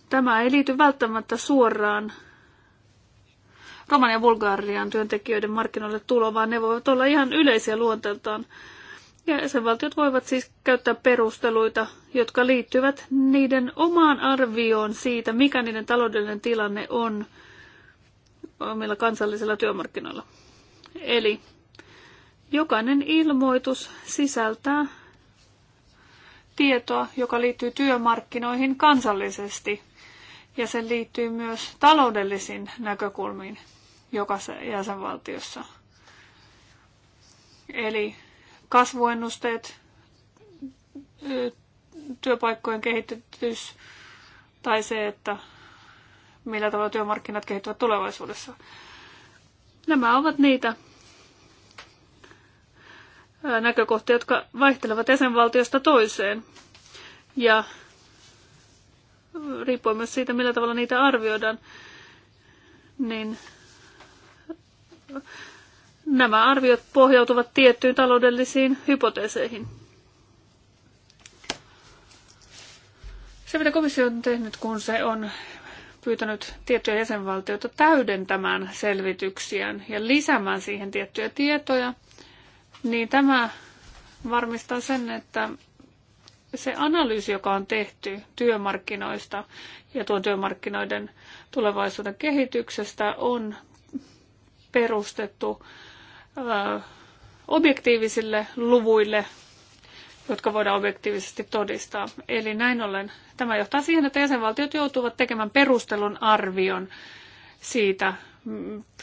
Tämä ei liity välttämättä suoraan Romanian ja Bulgarian työntekijöiden markkinoille tuloa, vaan ne voivat olla ihan yleisiä luonteeltaan Jäsenvaltiot voivat siis käyttää perusteluita, jotka liittyvät niiden omaan arvioon siitä, mikä niiden taloudellinen tilanne on omilla kansallisilla työmarkkinoilla. Eli jokainen ilmoitus sisältää tietoa, joka liittyy työmarkkinoihin kansallisesti, ja se liittyy myös taloudellisiin näkökulmiin jokaisessa jäsenvaltiossa. Eli kasvuennusteet, työpaikkojen kehitys tai se, että millä tavalla työmarkkinat kehittyvät tulevaisuudessa. Nämä ovat niitä näkökohtia, jotka vaihtelevat jäsenvaltiosta toiseen. Ja riippuen myös siitä, millä tavalla niitä arvioidaan, niin Nämä arviot pohjautuvat tiettyihin taloudellisiin hypoteeseihin. Se, mitä komissio on tehnyt, kun se on pyytänyt tiettyjä jäsenvaltioita täydentämään selvityksiään ja lisäämään siihen tiettyjä tietoja, niin tämä varmistaa sen, että se analyysi, joka on tehty työmarkkinoista ja tuon työmarkkinoiden tulevaisuuden kehityksestä, on perustettu objektiivisille luvuille, jotka voidaan objektiivisesti todistaa. Eli näin ollen tämä johtaa siihen, että jäsenvaltiot joutuvat tekemään perustelun arvion siitä,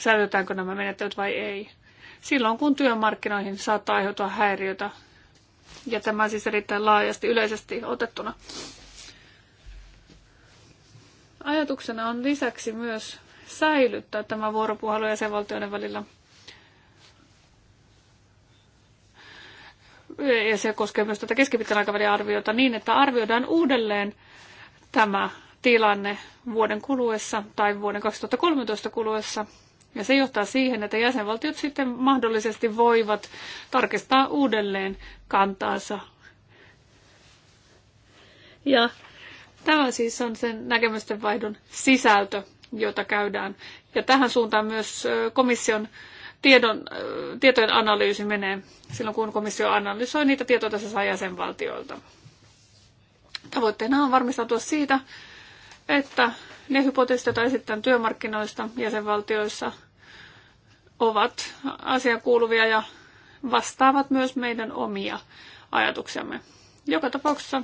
säilytäänkö nämä menettelyt vai ei. Silloin kun työmarkkinoihin saattaa aiheutua häiriötä, ja tämä siis erittäin laajasti yleisesti otettuna. Ajatuksena on lisäksi myös säilyttää tämä vuoropuhelu jäsenvaltioiden välillä – ja se koskee myös tätä keskipitkän aikavälin arviota niin, että arvioidaan uudelleen tämä tilanne vuoden kuluessa tai vuoden 2013 kuluessa. Ja se johtaa siihen, että jäsenvaltiot sitten mahdollisesti voivat tarkistaa uudelleen kantaansa. Ja tämä siis on sen näkemysten vaihdon sisältö, jota käydään. Ja tähän suuntaan myös komission tiedon, äh, tietojen analyysi menee silloin, kun komissio analysoi niitä tietoja, joita se saa jäsenvaltioilta. Tavoitteena on varmistautua siitä, että ne hypoteesit, joita esitetään työmarkkinoista jäsenvaltioissa, ovat asiakuuluvia ja vastaavat myös meidän omia ajatuksiamme. Joka tapauksessa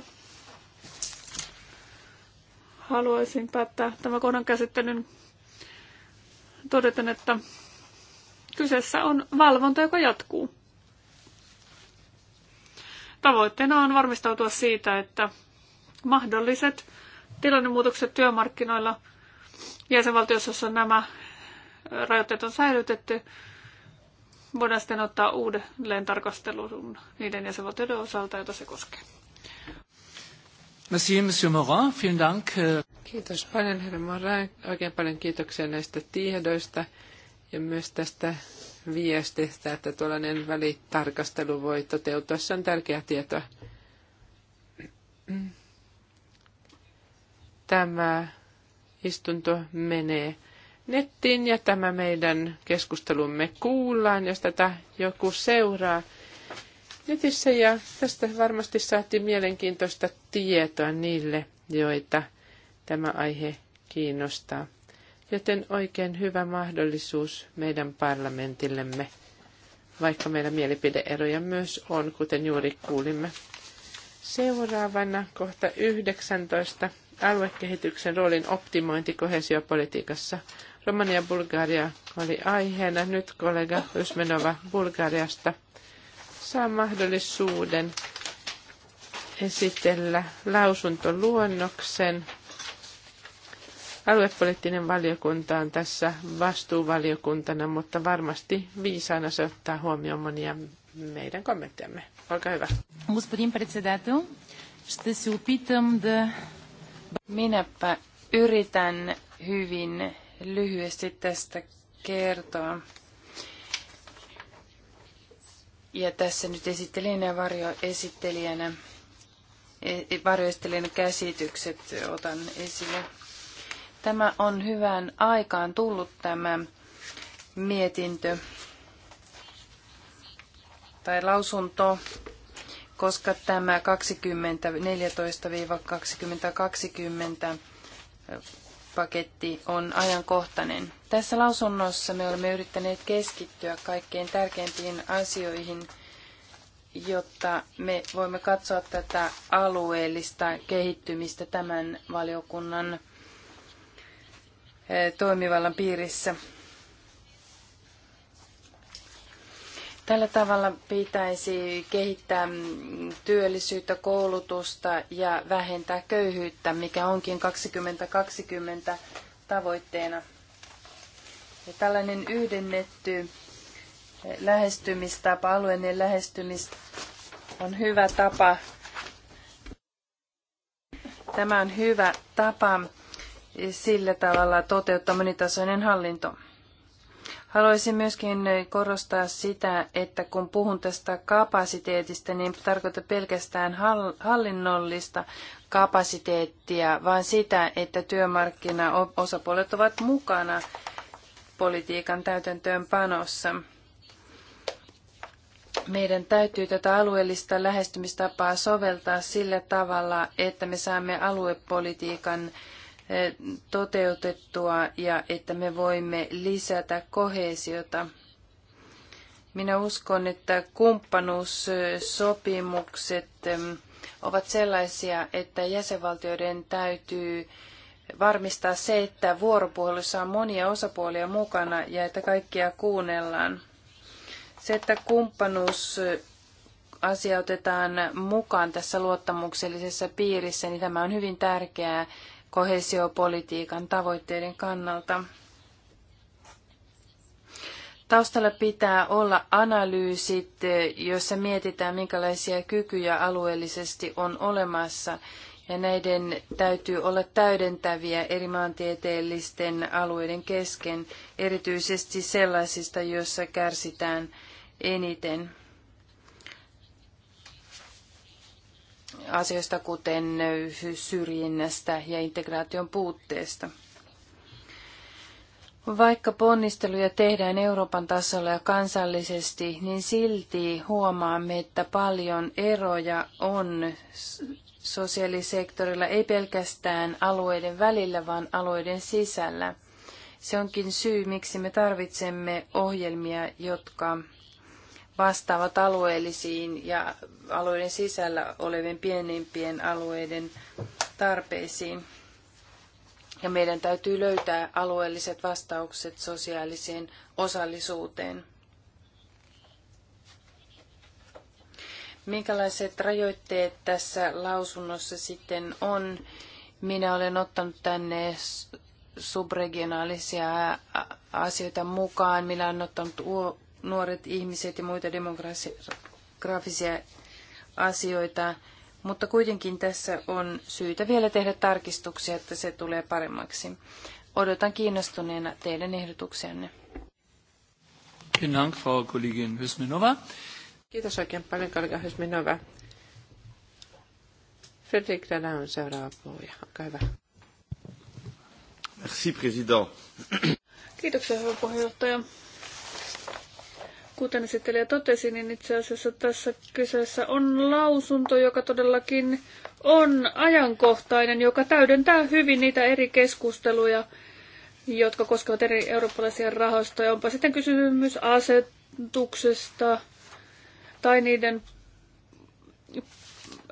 haluaisin päättää tämän kohdan käsittelyn todeten, että Kyseessä on valvonta, joka jatkuu. Tavoitteena on varmistautua siitä, että mahdolliset tilannemuutokset työmarkkinoilla jäsenvaltiossa, jossa nämä rajoitteet on säilytetty, voidaan sitten ottaa uudelleen tarkasteluun niiden jäsenvaltioiden osalta, jota se koskee. Merci, Monsieur Morin. Vielen Dank. Äh. Kiitos paljon, herra Morin. Oikein paljon kiitoksia näistä tiedoista ja myös tästä viestistä, että tuollainen välitarkastelu voi toteutua. Se on tärkeä tieto. Tämä istunto menee nettiin ja tämä meidän keskustelumme kuullaan, jos tätä joku seuraa netissä ja tästä varmasti saatiin mielenkiintoista tietoa niille, joita tämä aihe kiinnostaa. Joten oikein hyvä mahdollisuus meidän parlamentillemme, vaikka meillä mielipideeroja myös on, kuten juuri kuulimme. Seuraavana kohta 19. Aluekehityksen roolin optimointi kohesiopolitiikassa. Romania ja Bulgaria oli aiheena. Nyt kollega Ysmenova Bulgariasta saa mahdollisuuden esitellä lausuntoluonnoksen Aluepoliittinen valiokunta on tässä vastuuvaliokuntana, mutta varmasti viisaana se ottaa huomioon monia meidän kommenttiamme. Olkaa hyvä. Minäpä yritän hyvin lyhyesti tästä kertoa. Ja tässä nyt esittelijänä ja varjoesittelijänä, e- e- varjoesittelijän käsitykset otan esille. Tämä on hyvään aikaan tullut tämä mietintö tai lausunto, koska tämä 2014-2020 paketti on ajankohtainen. Tässä lausunnossa me olemme yrittäneet keskittyä kaikkein tärkeimpiin asioihin, jotta me voimme katsoa tätä alueellista kehittymistä tämän valiokunnan Eh, toimivallan piirissä. Tällä tavalla pitäisi kehittää työllisyyttä, koulutusta ja vähentää köyhyyttä, mikä onkin 2020 tavoitteena. Ja tällainen yhdennetty eh, lähestymistapa, alueellinen lähestymistapa on hyvä tapa. Tämä on hyvä tapa sillä tavalla toteuttaa monitasoinen hallinto. Haluaisin myöskin korostaa sitä, että kun puhun tästä kapasiteetista, niin tarkoita pelkästään hallinnollista kapasiteettia, vaan sitä, että työmarkkinaosapuolet ovat mukana politiikan täytäntöönpanossa. Meidän täytyy tätä alueellista lähestymistapaa soveltaa sillä tavalla, että me saamme aluepolitiikan toteutettua ja että me voimme lisätä kohesiota. Minä uskon, että kumppanuussopimukset ähm, ovat sellaisia, että jäsenvaltioiden täytyy varmistaa se, että vuoropuhelussa on monia osapuolia mukana ja että kaikkia kuunnellaan. Se, että kumppanuusasia otetaan mukaan tässä luottamuksellisessa piirissä, niin tämä on hyvin tärkeää kohesiopolitiikan tavoitteiden kannalta. Taustalla pitää olla analyysit, joissa mietitään, minkälaisia kykyjä alueellisesti on olemassa, ja näiden täytyy olla täydentäviä eri maantieteellisten alueiden kesken, erityisesti sellaisista, joissa kärsitään eniten. asioista, kuten syrjinnästä ja integraation puutteesta. Vaikka ponnisteluja tehdään Euroopan tasolla ja kansallisesti, niin silti huomaamme, että paljon eroja on sosiaalisektorilla, ei pelkästään alueiden välillä, vaan alueiden sisällä. Se onkin syy, miksi me tarvitsemme ohjelmia, jotka vastaavat alueellisiin ja alueiden sisällä olevien pienimpien alueiden tarpeisiin. Ja meidän täytyy löytää alueelliset vastaukset sosiaaliseen osallisuuteen. Minkälaiset rajoitteet tässä lausunnossa sitten on? Minä olen ottanut tänne subregionaalisia asioita mukaan. Minä olen ottanut nuoret ihmiset ja muita demografisia asioita, mutta kuitenkin tässä on syytä vielä tehdä tarkistuksia, että se tulee paremmaksi. Odotan kiinnostuneena teidän ehdotuksianne. Kiitos oikein paljon, kollega Hysminova. Fredrik Rada on seuraava puhuja. Olkaa hyvä. Merci, president. Kiitoksia, hyvä puheenjohtaja. Kuten esittelijä totesi, niin itse asiassa tässä kyseessä on lausunto, joka todellakin on ajankohtainen, joka täydentää hyvin niitä eri keskusteluja, jotka koskevat eri eurooppalaisia rahastoja. Onpa sitten kysymys asetuksesta tai niiden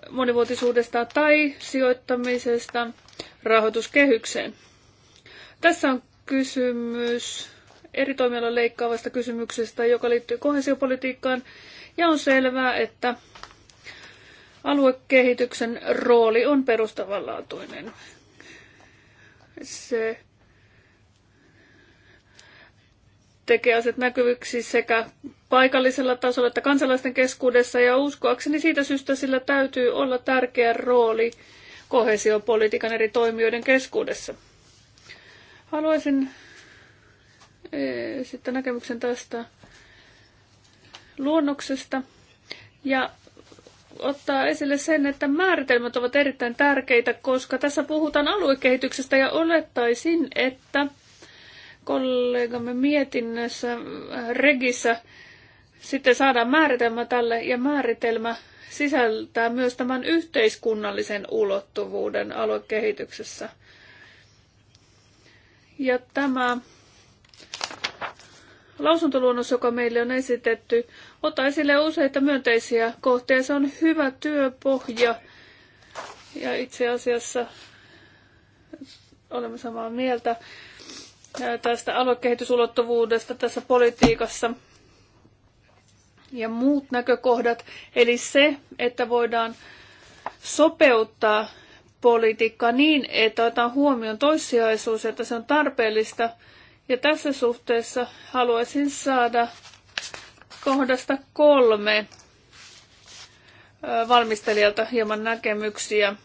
monivuotisuudesta tai sijoittamisesta rahoituskehykseen. Tässä on kysymys eri toimialan leikkaavasta kysymyksestä, joka liittyy kohesiopolitiikkaan. Ja on selvää, että aluekehityksen rooli on perustavanlaatuinen. Se tekee asiat näkyviksi sekä paikallisella tasolla että kansalaisten keskuudessa ja uskoakseni siitä syystä sillä täytyy olla tärkeä rooli kohesiopolitiikan eri toimijoiden keskuudessa. Haluaisin sitten näkemyksen tästä luonnoksesta ja ottaa esille sen, että määritelmät ovat erittäin tärkeitä, koska tässä puhutaan aluekehityksestä ja olettaisin, että kollegamme mietinnössä äh, regissä sitten saadaan määritelmä tälle ja määritelmä sisältää myös tämän yhteiskunnallisen ulottuvuuden aluekehityksessä. Ja tämä Lausuntoluonnos, joka meille on esitetty, ottaa esille useita myönteisiä kohtia, Se on hyvä työpohja ja itse asiassa olemme samaa mieltä tästä aluekehitysulottuvuudesta tässä politiikassa ja muut näkökohdat. Eli se, että voidaan sopeuttaa politiikkaa niin, että otetaan huomioon toissijaisuus, että se on tarpeellista – ja tässä suhteessa haluaisin saada kohdasta kolme valmistelijalta hieman näkemyksiä.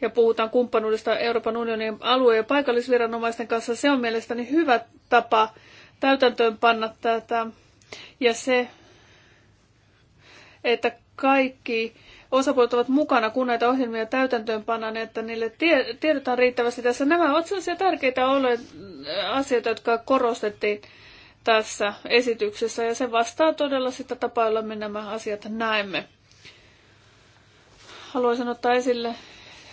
Ja puhutaan kumppanuudesta Euroopan unionin alue- ja paikallisviranomaisten kanssa. Se on mielestäni hyvä tapa täytäntöön panna tätä. Ja se, että kaikki osapuolet ovat mukana, kun näitä ohjelmia täytäntöön pannaan, että niille tie- tiedotaan riittävästi tässä. Nämä ovat sellaisia tärkeitä olleet asioita, jotka korostettiin tässä esityksessä, ja se vastaa todella sitä tapaa, jolla me nämä asiat näemme. Haluaisin ottaa esille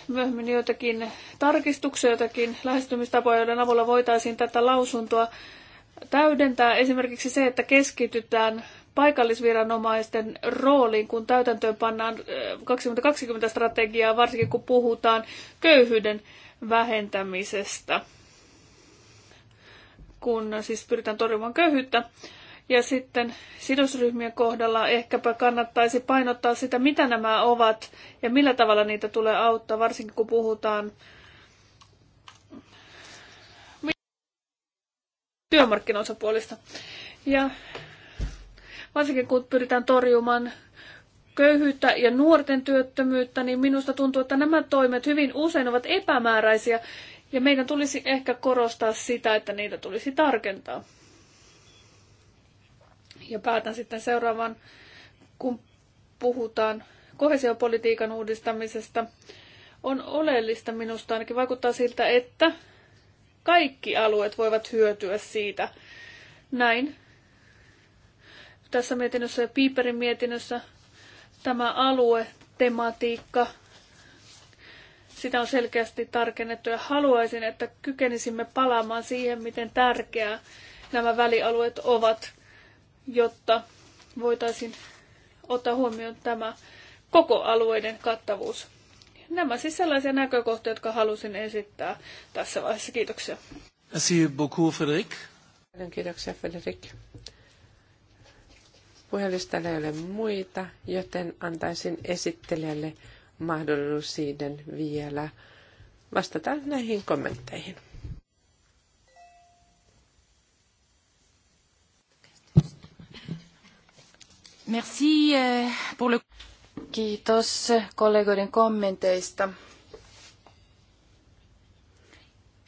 myöhemmin joitakin tarkistuksia, joitakin lähestymistapoja, joiden avulla voitaisiin tätä lausuntoa täydentää. Esimerkiksi se, että keskitytään paikallisviranomaisten rooliin, kun täytäntöön pannaan 2020 strategiaa, varsinkin kun puhutaan köyhyyden vähentämisestä, kun siis pyritään torjumaan köyhyyttä. Ja sitten sidosryhmien kohdalla ehkäpä kannattaisi painottaa sitä, mitä nämä ovat ja millä tavalla niitä tulee auttaa, varsinkin kun puhutaan työmarkkinaosapuolista. Ja varsinkin kun pyritään torjumaan köyhyyttä ja nuorten työttömyyttä, niin minusta tuntuu, että nämä toimet hyvin usein ovat epämääräisiä ja meidän tulisi ehkä korostaa sitä, että niitä tulisi tarkentaa. Ja päätän sitten seuraavan, kun puhutaan kohesiopolitiikan uudistamisesta. On oleellista minusta ainakin vaikuttaa siltä, että kaikki alueet voivat hyötyä siitä. Näin tässä mietinnössä ja Piiperin mietinnössä tämä aluetematiikka, sitä on selkeästi tarkennettu ja haluaisin, että kykenisimme palaamaan siihen, miten tärkeää nämä välialueet ovat, jotta voitaisiin ottaa huomioon tämä koko alueiden kattavuus. Nämä siis sellaisia näkökohtia, jotka halusin esittää tässä vaiheessa. Kiitoksia. Merci beaucoup, Frédéric. kiitoksia, Frédéric. Puhelistalla ei ole muita, joten antaisin esittelijälle mahdollisuuden vielä vastata näihin kommentteihin. Merci eh, pour le... Kiitos kollegoiden kommenteista.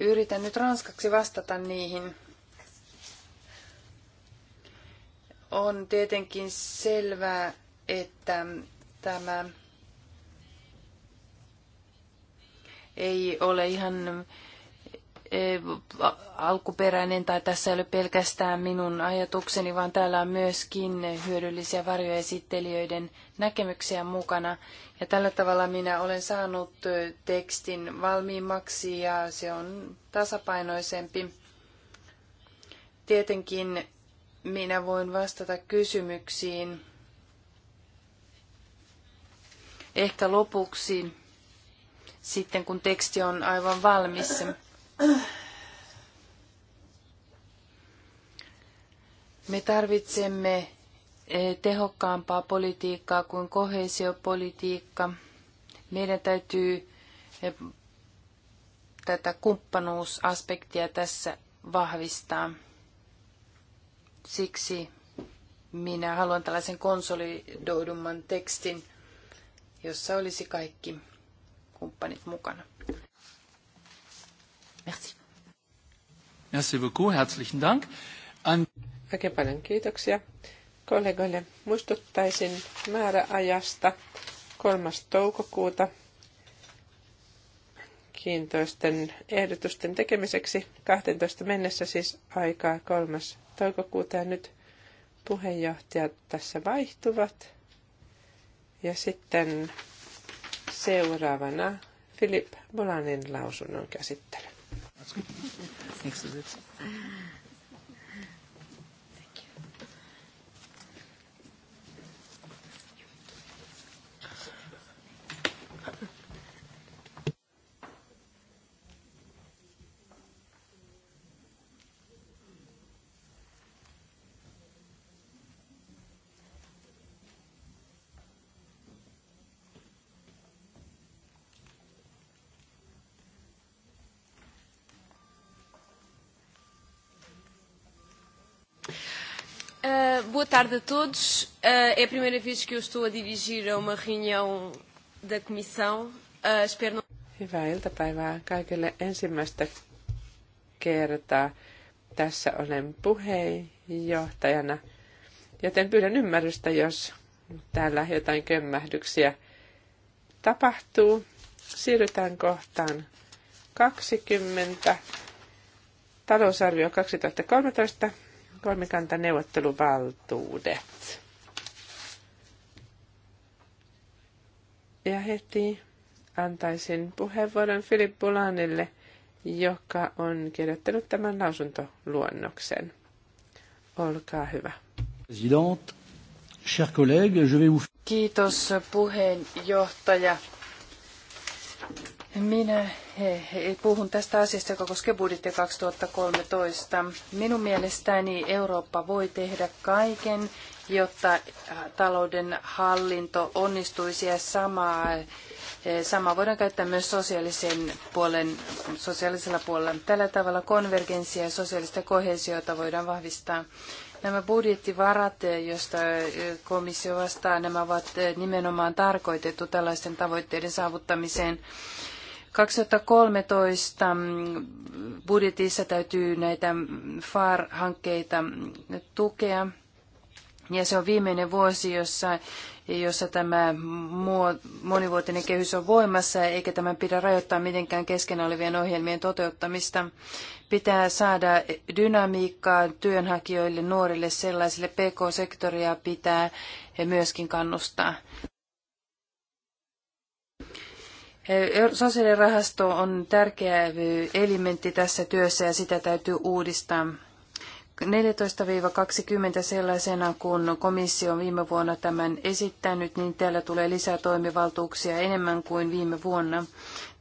Yritän nyt ranskaksi vastata niihin. On tietenkin selvää, että tämä ei ole ihan e, alkuperäinen tai tässä ei ole pelkästään minun ajatukseni, vaan täällä on myöskin hyödyllisiä varjoesittelijöiden näkemyksiä mukana. Ja tällä tavalla minä olen saanut tekstin valmiimmaksi ja se on tasapainoisempi. Tietenkin minä voin vastata kysymyksiin. Ehkä lopuksi, sitten kun teksti on aivan valmis. Me tarvitsemme eh, tehokkaampaa politiikkaa kuin kohesiopolitiikka. Meidän täytyy eh, tätä kumppanuusaspektia tässä vahvistaa. Siksi minä haluan tällaisen konsolidoidumman tekstin, jossa olisi kaikki kumppanit mukana. Merci. Merci beaucoup, herzlichen Dank. An... Oikein paljon kiitoksia kollegoille. Muistuttaisin määräajasta 3. toukokuuta mielenkiintoisten ehdotusten tekemiseksi. 12 mennessä siis aikaa 3. toukokuuta ja nyt puheenjohtajat tässä vaihtuvat. Ja sitten seuraavana Filip Bolanin lausunnon käsittely. Thanks boa tarde a todos. Uh, É a primeira vez que eu estou a dirigir a uma reunião da comissão. Uh, Espero... não... Hyvää iltapäivää kaikille ensimmäistä kertaa. Tässä olen puheenjohtajana, joten pyydän ymmärrystä, jos täällä jotain kömmähdyksiä tapahtuu. Siirrytään kohtaan 20. Talousarvio 2013 kolmikantaneuvotteluvaltuudet. Ja heti antaisin puheenvuoron Filip Bulanille, joka on kirjoittanut tämän lausuntoluonnoksen. Olkaa hyvä. Kiitos puheenjohtaja. Minä eh, eh, puhun tästä asiasta, joka koskee budjettia 2013. Minun mielestäni Eurooppa voi tehdä kaiken, jotta eh, talouden hallinto onnistuisi ja samaa, samaa voidaan käyttää myös sosiaalisen puolen, sosiaalisella puolella. Tällä tavalla konvergenssia ja sosiaalista kohesiota voidaan vahvistaa. Nämä budjettivarat, joista komissio vastaa, nämä ovat nimenomaan tarkoitettu tällaisten tavoitteiden saavuttamiseen. 2013 budjetissa täytyy näitä FAR-hankkeita tukea. Ja se on viimeinen vuosi, jossa, jossa tämä monivuotinen kehys on voimassa, eikä tämä pidä rajoittaa mitenkään kesken olevien ohjelmien toteuttamista. Pitää saada dynamiikkaa työnhakijoille, nuorille, sellaisille PK-sektoria pitää myöskin kannustaa. Sosiaalirahasto on tärkeä elementti tässä työssä ja sitä täytyy uudistaa. 14-20 sellaisena, kun komissio on viime vuonna tämän esittänyt, niin täällä tulee lisää toimivaltuuksia enemmän kuin viime vuonna.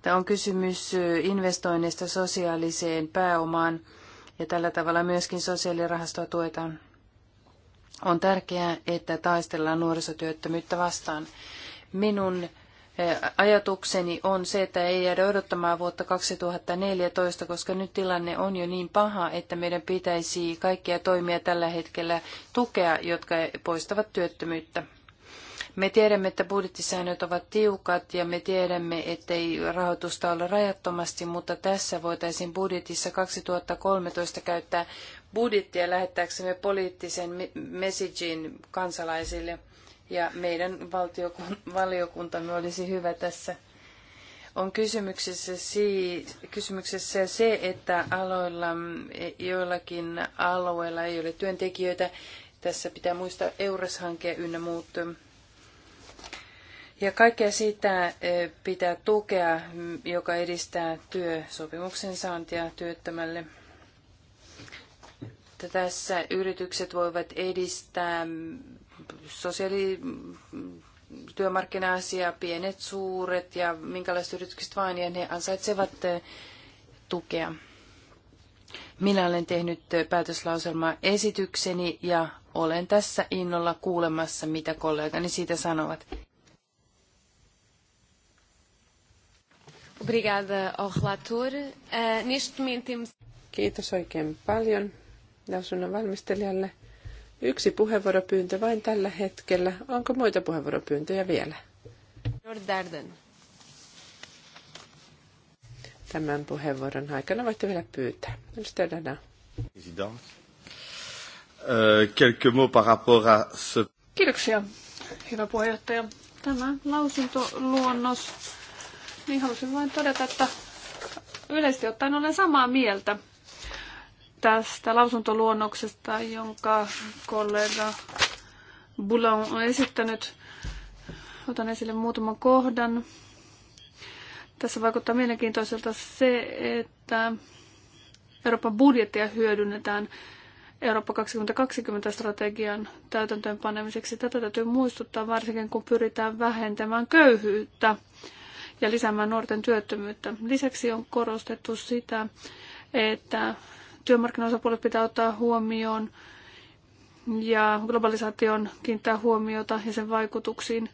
Tämä on kysymys investoinnista sosiaaliseen pääomaan ja tällä tavalla myöskin sosiaalirahastoa tuetaan. On tärkeää, että taistellaan nuorisotyöttömyyttä vastaan. Minun Ajatukseni on se, että ei jäädä odottamaan vuotta 2014, koska nyt tilanne on jo niin paha, että meidän pitäisi kaikkia toimia tällä hetkellä tukea, jotka poistavat työttömyyttä. Me tiedämme, että budjettisäännöt ovat tiukat ja me tiedämme, ettei rahoitusta ole rajattomasti, mutta tässä voitaisiin budjetissa 2013 käyttää budjettia lähettääksemme poliittisen messagein kansalaisille – ja meidän valiokuntamme olisi hyvä tässä. On kysymyksessä, si, kysymyksessä se, että aloilla, joillakin alueilla ei ole työntekijöitä. Tässä pitää muistaa EURES-hanke ynnä muut. Ja kaikkea sitä pitää tukea, joka edistää työsopimuksen saantia työttömälle tässä yritykset voivat edistää sosiaali työmarkkina-asia, pienet, suuret ja minkälaiset yritykset vain, ja ne ansaitsevat eh, tukea. Minä olen tehnyt eh, päätöslauselmaa esitykseni ja olen tässä innolla kuulemassa, mitä kollegani siitä sanovat. Obrigada relator. Eh, neste Kiitos oikein paljon lausunnon valmistelijalle. Yksi puheenvuoropyyntö vain tällä hetkellä. Onko muita puheenvuoropyyntöjä vielä? Tämän puheenvuoron aikana voitte vielä pyytää. Edustaja euh, Kiitoksia, hyvä puheenjohtaja. Tämä lausuntoluonnos, niin halusin vain todeta, että yleisesti ottaen olen samaa mieltä tästä lausuntoluonnoksesta, jonka kollega Boulon on esittänyt. Otan esille muutaman kohdan. Tässä vaikuttaa mielenkiintoiselta se, että Euroopan budjettia hyödynnetään Eurooppa 2020-strategian täytäntöönpanemiseksi. Tätä täytyy muistuttaa varsinkin, kun pyritään vähentämään köyhyyttä ja lisäämään nuorten työttömyyttä. Lisäksi on korostettu sitä, että työmarkkinaosapuolet pitää ottaa huomioon ja globalisaation kiinnittää huomiota ja sen vaikutuksiin.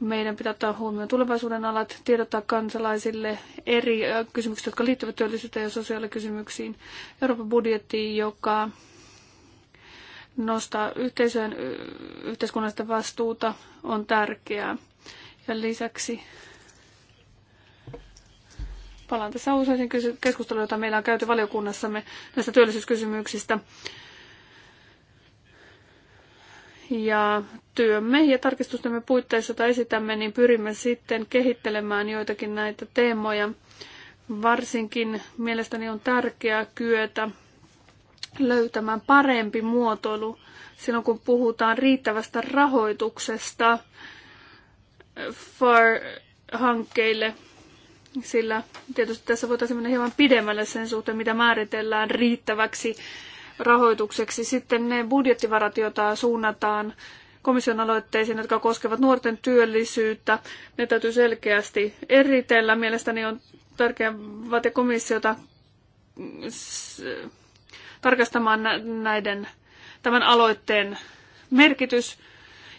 Meidän pitää ottaa huomioon tulevaisuuden alat, tiedottaa kansalaisille eri kysymykset, jotka liittyvät työllisyyteen ja sosiaalikysymyksiin. Euroopan budjetti, joka nostaa yhteisöön yhteiskunnallista vastuuta, on tärkeää. Ja lisäksi Palaan tässä useisiin keskusteluun, jota meillä on käyty valiokunnassamme näistä työllisyyskysymyksistä. Ja työmme ja tarkistustemme puitteissa, joita esitämme, niin pyrimme sitten kehittelemään joitakin näitä teemoja. Varsinkin mielestäni on tärkeää kyetä löytämään parempi muotoilu silloin, kun puhutaan riittävästä rahoituksesta eh, FAR-hankkeille – sillä tietysti tässä voitaisiin mennä hieman pidemmälle sen suhteen, mitä määritellään riittäväksi rahoitukseksi. Sitten ne budjettivarat, joita suunnataan komission aloitteisiin, jotka koskevat nuorten työllisyyttä, ne täytyy selkeästi eritellä. Mielestäni on tärkeää vaatia komissiota tarkastamaan näiden, tämän aloitteen merkitys.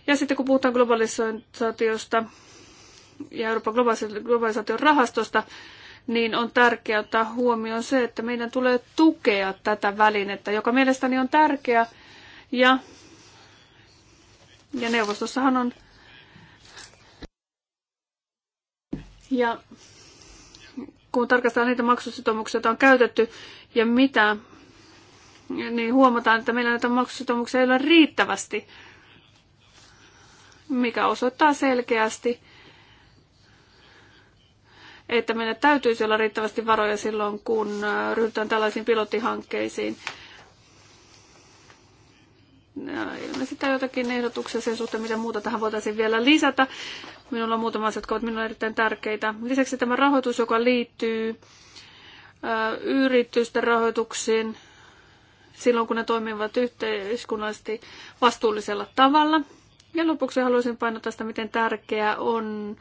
Ja sitten kun puhutaan globalisaatiosta, ja Euroopan globalisaation rahastosta, niin on tärkeää ottaa huomioon se, että meidän tulee tukea tätä välinettä, joka mielestäni on tärkeä. Ja, ja neuvostossahan on. Ja kun tarkastetaan niitä maksusitoumuksia, joita on käytetty ja mitä, niin huomataan, että meillä näitä maksusitoumuksia ei ole riittävästi, mikä osoittaa selkeästi, että meillä täytyisi olla riittävästi varoja silloin, kun ryhdytään tällaisiin pilottihankkeisiin. No, ilmeisesti jotakin ehdotuksia sen suhteen, mitä muuta tähän voitaisiin vielä lisätä. Minulla on muutama asia, jotka ovat minulle erittäin tärkeitä. Lisäksi tämä rahoitus, joka liittyy yritysten rahoituksiin silloin, kun ne toimivat yhteiskunnallisesti vastuullisella tavalla – ja lopuksi haluaisin painottaa sitä, miten tärkeää on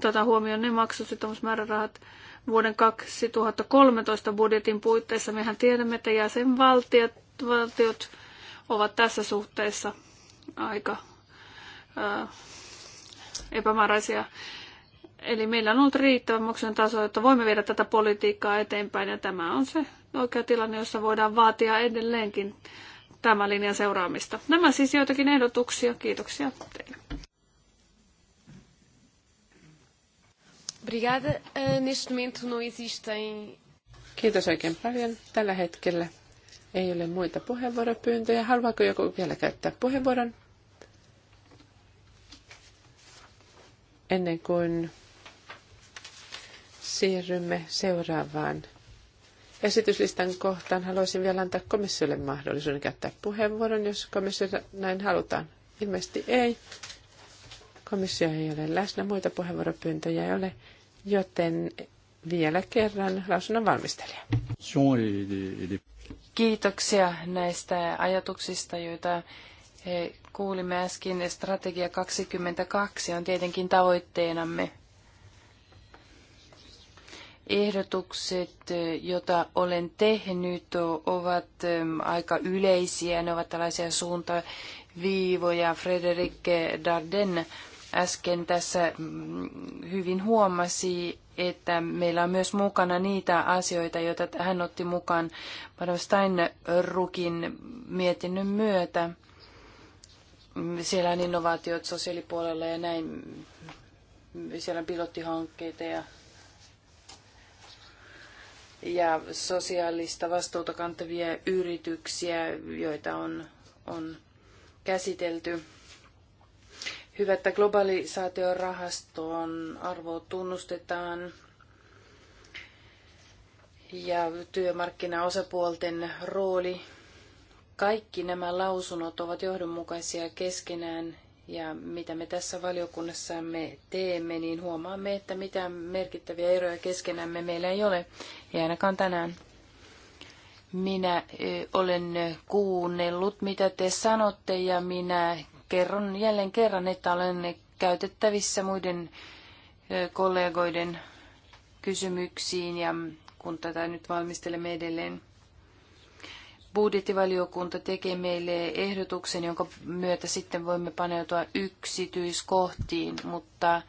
tätä huomioon ne maksusitoumusmäärärahat vuoden 2013 budjetin puitteissa. Mehän tiedämme, että jäsenvaltiot valtiot ovat tässä suhteessa aika ää, epämääräisiä. Eli meillä on ollut riittävä maksujen taso, jotta voimme viedä tätä politiikkaa eteenpäin, ja tämä on se oikea tilanne, jossa voidaan vaatia edelleenkin tämän linjan seuraamista. Nämä siis joitakin ehdotuksia. Kiitoksia teille. Eh, Kiitos oikein paljon. Tällä hetkellä ei ole muita puheenvuoropyyntöjä. Haluaako joku vielä käyttää puheenvuoron? Ennen kuin siirrymme seuraavaan esityslistan kohtaan haluaisin vielä antaa komissiolle mahdollisuuden käyttää puheenvuoron, jos komissio näin halutaan. Ilmeisesti ei. Komissio ei ole läsnä, muita puheenvuoropyyntöjä ei ole, joten vielä kerran lausunnon valmistelija. Kiitoksia näistä ajatuksista, joita eh, kuulimme äsken. Strategia 22 on tietenkin tavoitteenamme ehdotukset, joita olen tehnyt, ovat ähm, aika yleisiä. Ne ovat tällaisia suuntaviivoja. Frederik Darden äsken tässä mm, hyvin huomasi, että meillä on myös mukana niitä asioita, joita hän otti mukaan Steinrukin mietinnön myötä. Siellä on innovaatiot sosiaalipuolella ja näin. Siellä on pilottihankkeita ja ja sosiaalista vastuuta kantavia yrityksiä, joita on, on käsitelty. Hyvä, että globalisaatiorahastoon arvo tunnustetaan ja työmarkkinaosapuolten rooli. Kaikki nämä lausunnot ovat johdonmukaisia keskenään ja mitä me tässä valiokunnassa me teemme, niin huomaamme, että mitään merkittäviä eroja keskenämme meillä ei ole ei ainakaan tänään. Minä olen kuunnellut, mitä te sanotte, ja minä kerron jälleen kerran, että olen käytettävissä muiden kollegoiden kysymyksiin, ja kun tätä nyt valmistelemme edelleen. Budjettivaliokunta tekee meille ehdotuksen, jonka myötä sitten voimme paneutua yksityiskohtiin, mutta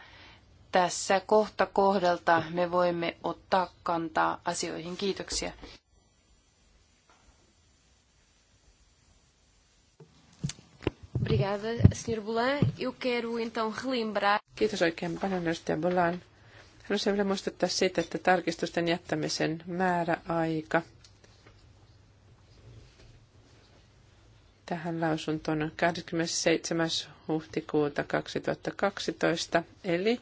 tässä kohta kohdalta me voimme ottaa kantaa asioihin. Kiitoksia. Obrigada, Sr. Bolan. Eu quero então relembrar... Kiitos oikein paljon, edustaja Bolan. Haluaisin vielä muistuttaa siitä, että tarkistusten jättämisen määräaika tähän lausuntoon on 27. huhtikuuta 2012, eli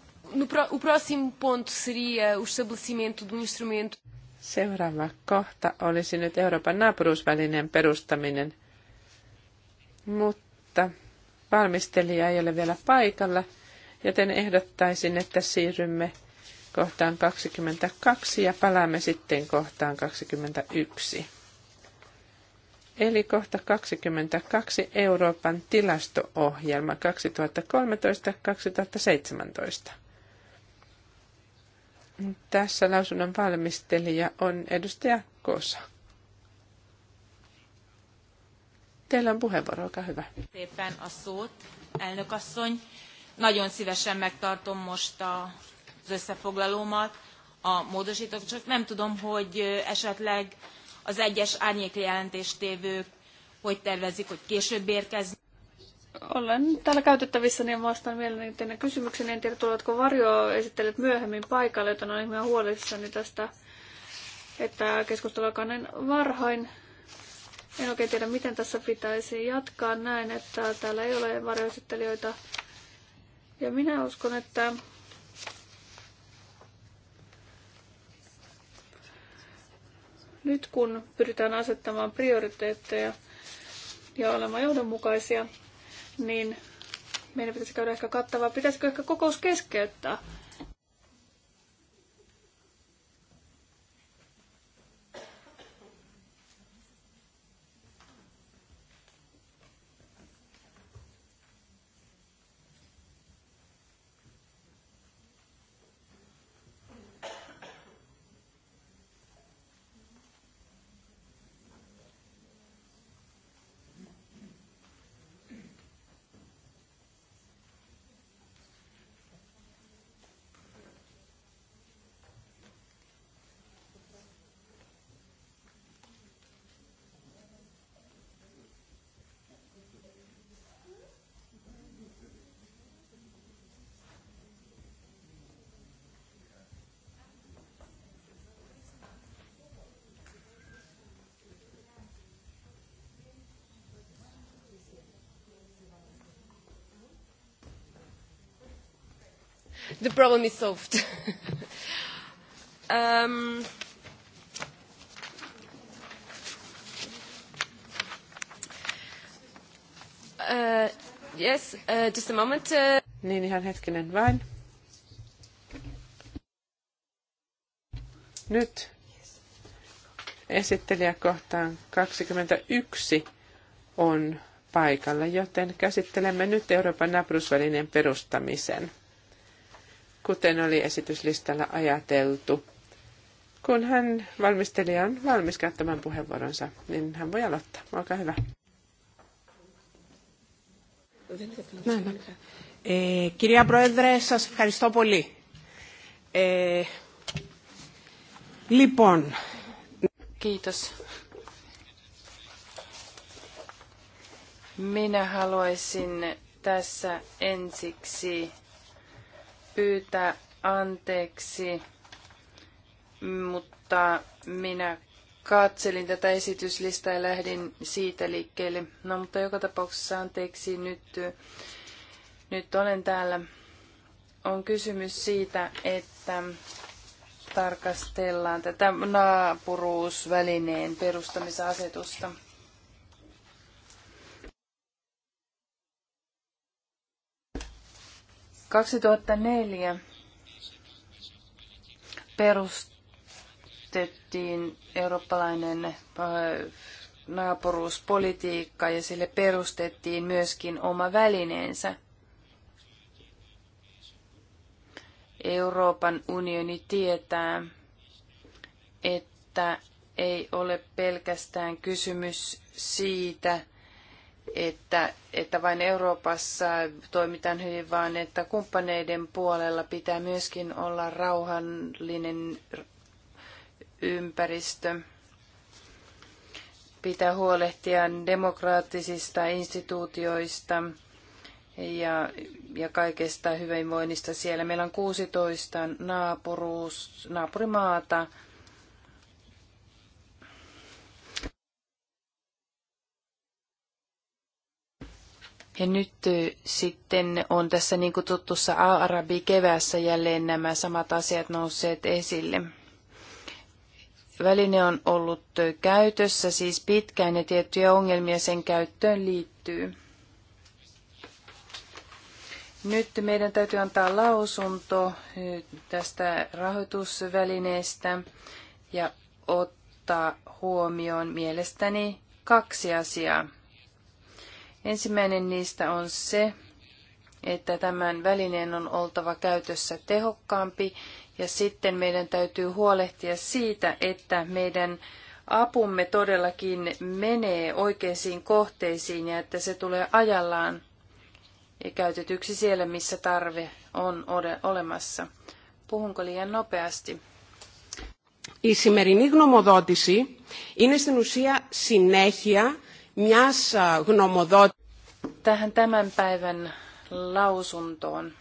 no, o próximo ponto seria o estabelecimento de um instrumento. Seuraava kohta olisi nyt Euroopan naapuruusvälineen perustaminen. Mutta valmistelija ei ole vielä paikalla, joten ehdottaisin, että siirrymme kohtaan 22 ja palaamme sitten kohtaan 21. Eli kohta 22 Euroopan tilastoohjelma 2013-2017. Tässä lausunnon valmistelija on edustaja Kosa. Teillä on puheenvuoro, olkaa hyvä. Szépen a szót, Nagyon szívesen megtartom most az összefoglalómat, a módosítók, csak nem tudom, hogy esetleg az egyes jelentéstévők hogy tervezik, hogy később érkezni olen täällä käytettävissä, niin vastaan mielelläni teidän kysymykseen. En tiedä, varjo esittelet myöhemmin paikalle, joten olen ihan huolissani tästä, että keskustelu alkaa näin varhain. En oikein tiedä, miten tässä pitäisi jatkaa näin, että täällä ei ole varjoesittelijöitä. Ja minä uskon, että nyt kun pyritään asettamaan prioriteetteja ja olemaan johdonmukaisia, niin meidän pitäisi käydä ehkä kattavaa. Pitäisikö ehkä kokous keskeyttää? the problem is solved. um, uh, yes, uh, just a moment. Uh... Niin ihan hetkinen vain. Nyt esittelijä kohtaan 21 on paikalla, joten käsittelemme nyt Euroopan naprusvälineen perustamisen kuten oli esityslistalla ajateltu. Kun hän valmistelija on valmis käyttämään puheenvuoronsa, niin hän voi aloittaa. Olkaa hyvä. Eh, kirja Proedresas, Πρόεδρε, σας ευχαριστώ πολύ. Eh, λοιπόν... Kiitos. Minä haluaisin tässä ensiksi pyytää anteeksi, mutta minä katselin tätä esityslistaa ja lähdin siitä liikkeelle. No mutta joka tapauksessa anteeksi, nyt, nyt olen täällä. On kysymys siitä, että tarkastellaan tätä naapuruusvälineen perustamisasetusta. 2004 perustettiin eurooppalainen äh, naapuruuspolitiikka ja sille perustettiin myöskin oma välineensä. Euroopan unioni tietää, että ei ole pelkästään kysymys siitä, että, että vain Euroopassa toimitaan hyvin, vaan että kumppaneiden puolella pitää myöskin olla rauhallinen ympäristö. Pitää huolehtia demokraattisista instituutioista ja, ja kaikesta hyvinvoinnista siellä. Meillä on 16 naapuruus, naapurimaata, Ja nyt sitten on tässä niin kutsutussa arabi kevässä jälleen nämä samat asiat nousseet esille. Väline on ollut käytössä siis pitkään ja tiettyjä ongelmia sen käyttöön liittyy. Nyt meidän täytyy antaa lausunto tästä rahoitusvälineestä ja ottaa huomioon mielestäni kaksi asiaa. Ensimmäinen niistä on se, että tämän välineen on oltava käytössä tehokkaampi ja sitten meidän täytyy huolehtia siitä, että meidän apumme todellakin menee oikeisiin kohteisiin ja että se tulee ajallaan ja käytetyksi siellä, missä tarve on olemassa. Puhunko liian nopeasti? Η σημερινή γνωμοδότηση είναι στην ουσία συνέχεια μιας Tähän tämän päivän lausuntoon.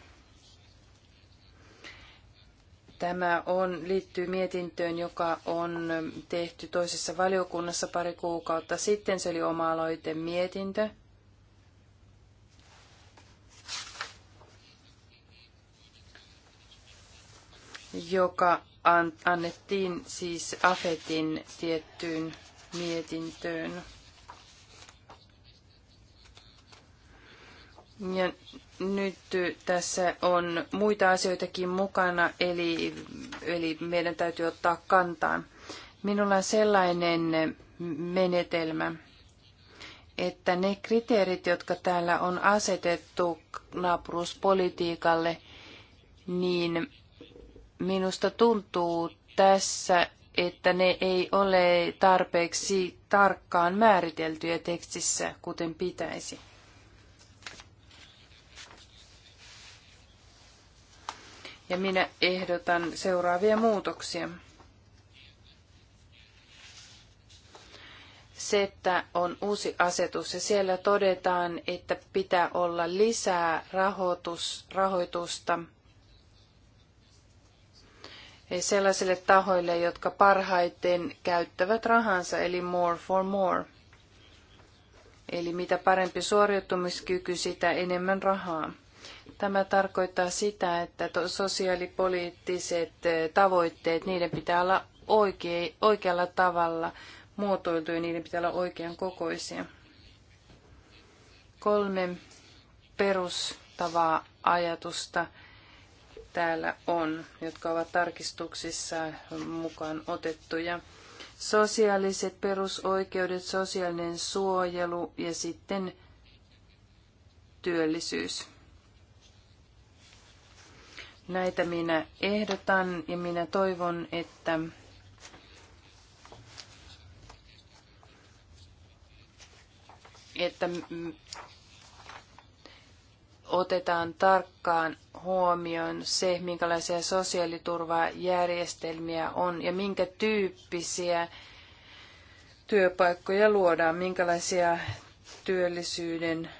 Tämä on, liittyy mietintöön, joka on tehty toisessa valiokunnassa pari kuukautta sitten. Se oli oma-aloite mietintö. joka annettiin siis AFETin tiettyyn mietintöön. Ja nyt tässä on muita asioitakin mukana, eli, eli meidän täytyy ottaa kantaan. Minulla on sellainen menetelmä, että ne kriteerit, jotka täällä on asetettu naapuruuspolitiikalle, niin minusta tuntuu tässä, että ne ei ole tarpeeksi tarkkaan määriteltyjä tekstissä, kuten pitäisi. ja minä ehdotan seuraavia muutoksia. Se, että on uusi asetus ja siellä todetaan, että pitää olla lisää rahoitus, rahoitusta sellaisille tahoille, jotka parhaiten käyttävät rahansa, eli more for more. Eli mitä parempi suoriutumiskyky, sitä enemmän rahaa. Tämä tarkoittaa sitä, että sosiaalipoliittiset eh, tavoitteet, niiden pitää olla oikea, oikealla tavalla muotoiltu ja niiden pitää olla oikean kokoisia. Kolme perustavaa ajatusta täällä on, jotka ovat tarkistuksissa mukaan otettuja. Sosiaaliset perusoikeudet, sosiaalinen suojelu ja sitten työllisyys. Näitä minä ehdotan ja minä toivon, että että otetaan tarkkaan huomioon se, minkälaisia sosiaaliturvajärjestelmiä on ja minkä tyyppisiä työpaikkoja luodaan, minkälaisia työllisyyden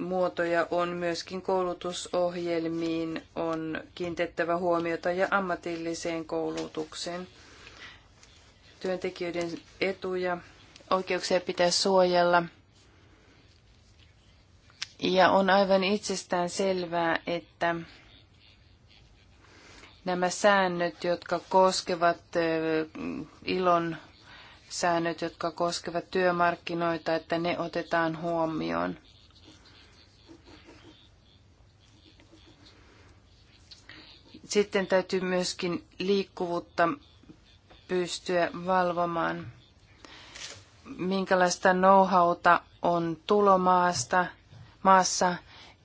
muotoja on myöskin koulutusohjelmiin, on kiinnitettävä huomiota ja ammatilliseen koulutukseen. Työntekijöiden etuja, oikeuksia pitää suojella. Ja on aivan itsestään selvää, että nämä säännöt, jotka koskevat ilon säännöt, jotka koskevat työmarkkinoita, että ne otetaan huomioon. Sitten täytyy myöskin liikkuvuutta pystyä valvomaan, minkälaista know-howta on tulomaasta, maassa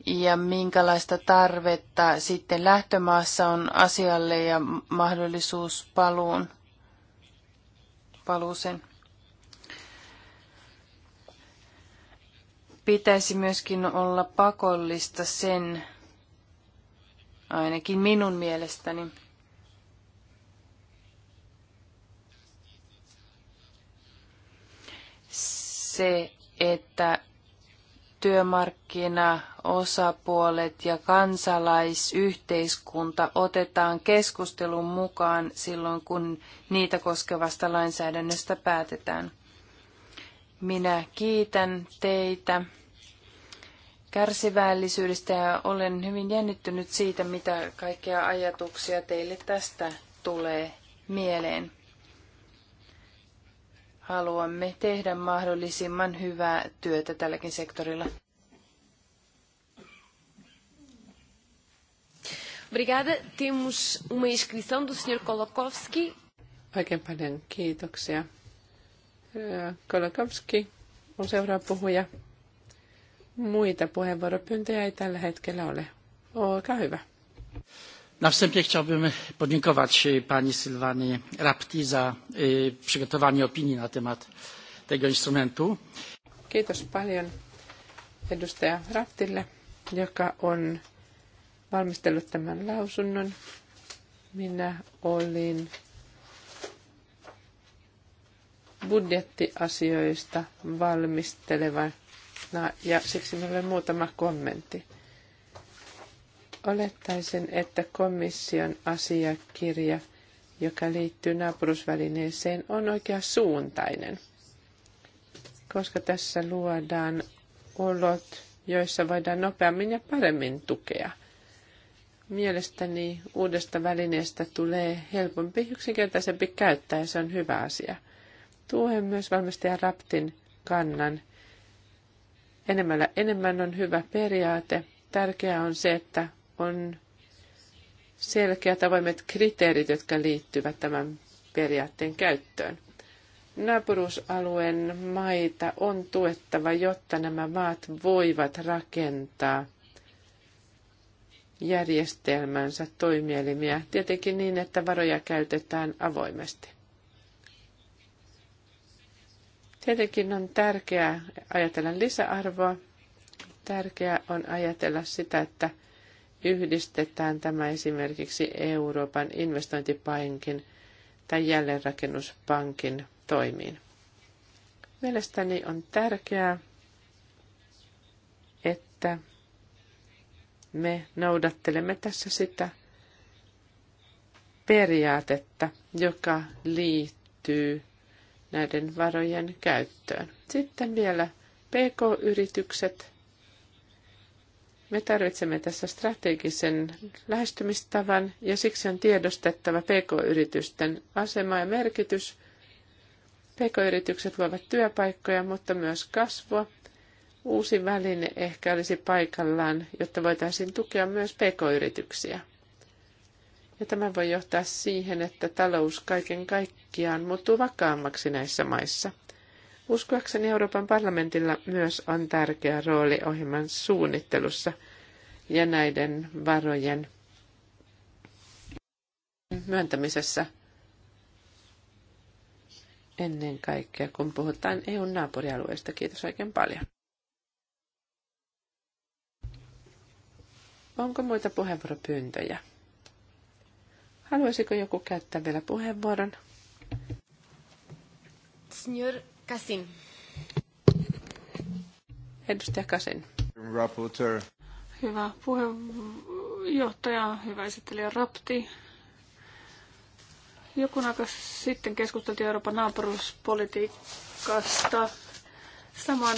ja minkälaista tarvetta sitten lähtömaassa on asialle ja mahdollisuus paluun, paluuseen. Pitäisi myöskin olla pakollista sen ainakin minun mielestäni. Se, että työmarkkinaosapuolet ja kansalaisyhteiskunta otetaan keskustelun mukaan silloin, kun niitä koskevasta lainsäädännöstä päätetään. Minä kiitän teitä kärsivällisyydestä ja olen hyvin jännittynyt siitä, mitä kaikkia ajatuksia teille tästä tulee mieleen. Haluamme tehdä mahdollisimman hyvää työtä tälläkin sektorilla. Obrigada. Temos uma inscrição do Sr. Kolokowski. Oikein paljon kiitoksia. Kolokowski on seuraava puhuja. Muita puheenvuoropyyntöjä ei tällä hetkellä ole. Olkaa hyvä. Na wstępie chciałbym podziękować e, pani Sylwanie Rapti za e, przygotowanie opinii na temat tego instrumentu. Kiitos paljon edustaja Raptille, joka on valmistellut tämän lausunnon. Minä olin budjettiasioista valmistelevana ja siksi meillä on muutama kommentti. Olettaisin, että komission asiakirja, joka liittyy naapurusvälineeseen, on oikea suuntainen, koska tässä luodaan olot, joissa voidaan nopeammin ja paremmin tukea. Mielestäni uudesta välineestä tulee helpompi, yksinkertaisempi käyttää ja se on hyvä asia. Tuohen myös valmistaja Raptin kannan. Enemmällä enemmän on hyvä periaate. Tärkeää on se, että on selkeät avoimet kriteerit, jotka liittyvät tämän periaatteen käyttöön. Naapuruusalueen maita on tuettava, jotta nämä maat voivat rakentaa järjestelmänsä toimielimiä, tietenkin niin, että varoja käytetään avoimesti. Tietenkin on tärkeää ajatella lisäarvoa. Tärkeää on ajatella sitä, että yhdistetään tämä esimerkiksi Euroopan investointipankin tai jälleenrakennuspankin toimiin. Mielestäni on tärkeää, että me noudattelemme tässä sitä periaatetta, joka liittyy näiden varojen käyttöön. Sitten vielä PK-yritykset. Me tarvitsemme tässä strategisen lähestymistavan ja siksi on tiedostettava PK-yritysten asema ja merkitys. PK-yritykset luovat työpaikkoja, mutta myös kasvua. Uusi väline ehkä olisi paikallaan, jotta voitaisiin tukea myös PK-yrityksiä. Ja tämä voi johtaa siihen, että talous kaiken kaikkiaan muuttuu vakaammaksi näissä maissa. Uskoakseni Euroopan parlamentilla myös on tärkeä rooli ohjelman suunnittelussa ja näiden varojen myöntämisessä ennen kaikkea, kun puhutaan EUn naapurialueesta. Kiitos oikein paljon. Onko muita puheenvuoropyyntöjä? Haluaisiko joku käyttää vielä puheenvuoron? Signor Kasin. Edustaja Kasin. Rapporteur. Hyvä puheenjohtaja, hyvä esittelijä Rapti. Joku aika sitten keskusteltiin Euroopan naapuruuspolitiikasta saman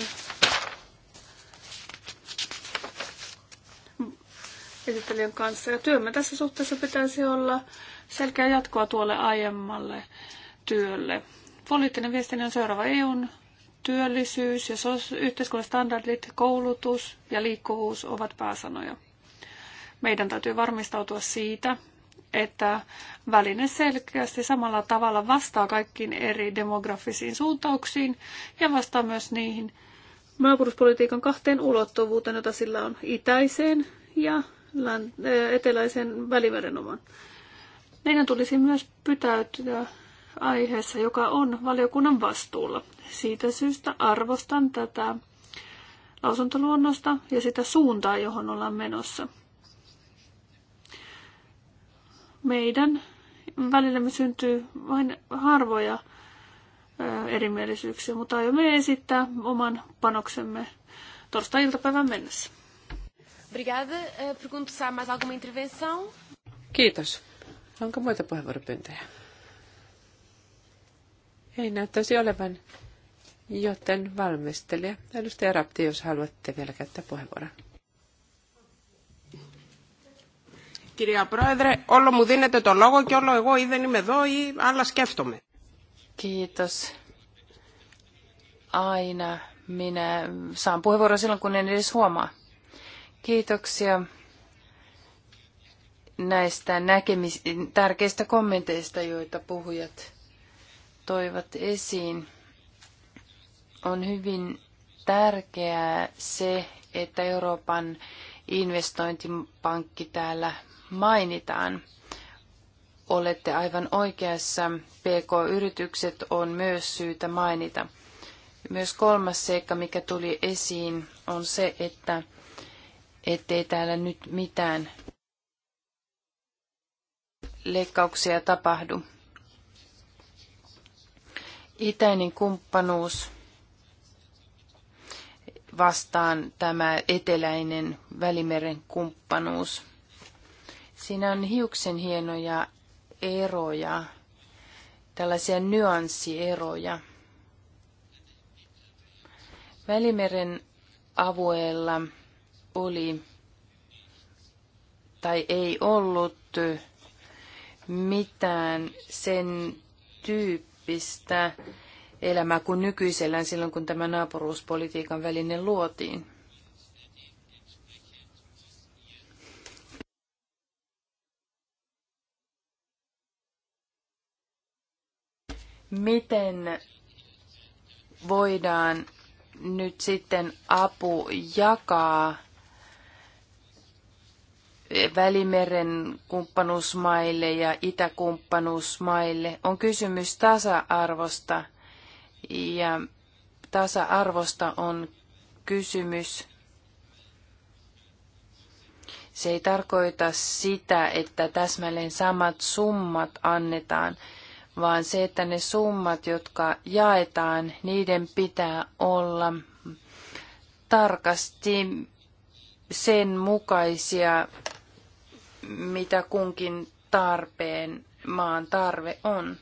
esittelijän kanssa. Ja työmme tässä suhteessa pitäisi olla selkeä jatkoa tuolle aiemmalle työlle. Poliittinen viestini on seuraava EUn työllisyys ja yhteiskunnalliset koulutus ja liikkuvuus ovat pääsanoja. Meidän täytyy varmistautua siitä, että väline selkeästi samalla tavalla vastaa kaikkiin eri demografisiin suuntauksiin ja vastaa myös niihin naapuruspolitiikan kahteen ulottuvuuteen, jota sillä on itäiseen ja eteläisen välimeren oman. Meidän tulisi myös pytäytyä aiheessa, joka on valiokunnan vastuulla. Siitä syystä arvostan tätä lausuntoluonnosta ja sitä suuntaa, johon ollaan menossa. Meidän välillämme syntyy vain harvoja erimielisyyksiä, mutta aiomme esittää oman panoksemme torstai-iltapäivän mennessä. Obrigada. Eh, pergunto se há mais alguma intervenção. Kiitos. Onko muita puheenvuoropyyntöjä? Ei näyttäisi olevan, joten valmistelija. Edustaja Rapti, jos haluatte vielä käyttää puheenvuoron. Kirja Πρόεδρε, όλο μου δίνετε το λόγο και όλο εγώ ή δεν είμαι εδώ ή άλλα Kiitos. Aina minä saan puheenvuoron silloin, kun en edes huomaa. Kiitoksia näistä näkemis- tärkeistä kommenteista, joita puhujat toivat esiin. On hyvin tärkeää se, että Euroopan investointipankki täällä mainitaan. Olette aivan oikeassa. PK-yritykset on myös syytä mainita. Myös kolmas seikka, mikä tuli esiin, on se, että ettei täällä nyt mitään leikkauksia tapahdu. Itäinen kumppanuus vastaan tämä eteläinen välimeren kumppanuus. Siinä on hiuksen hienoja eroja, tällaisia nyanssieroja. Välimeren avueella oli tai ei ollut mitään sen tyyppistä elämää kuin nykyisellään silloin, kun tämä naapuruuspolitiikan väline luotiin. Miten voidaan nyt sitten apu jakaa Välimeren kumppanuusmaille ja itäkumppanuusmaille on kysymys tasa-arvosta ja tasa-arvosta on kysymys. Se ei tarkoita sitä, että täsmälleen samat summat annetaan, vaan se, että ne summat, jotka jaetaan, niiden pitää olla tarkasti sen mukaisia, mitä kunkin tarpeen maan tarve on.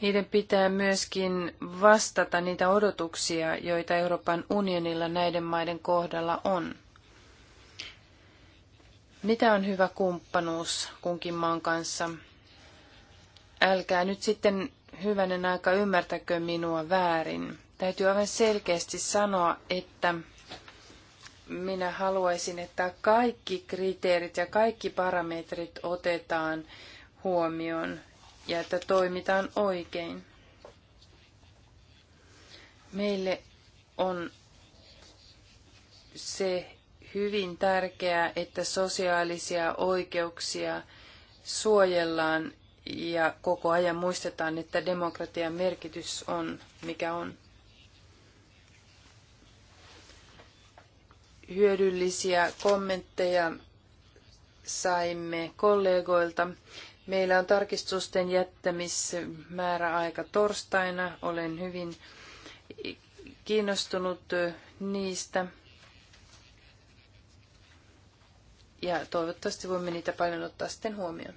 Niiden pitää myöskin vastata niitä odotuksia, joita Euroopan unionilla näiden maiden kohdalla on. Mitä on hyvä kumppanuus kunkin maan kanssa? Älkää nyt sitten hyvänen aika ymmärtäkö minua väärin. Täytyy aivan selkeästi sanoa, että minä haluaisin, että kaikki kriteerit ja kaikki parametrit otetaan huomioon ja että toimitaan oikein. Meille on se hyvin tärkeää, että sosiaalisia oikeuksia suojellaan ja koko ajan muistetaan, että demokratian merkitys on mikä on. hyödyllisiä kommentteja saimme kollegoilta. Meillä on tarkistusten jättämismääräaika torstaina. Olen hyvin kiinnostunut niistä. Ja toivottavasti voimme niitä paljon ottaa sitten huomioon.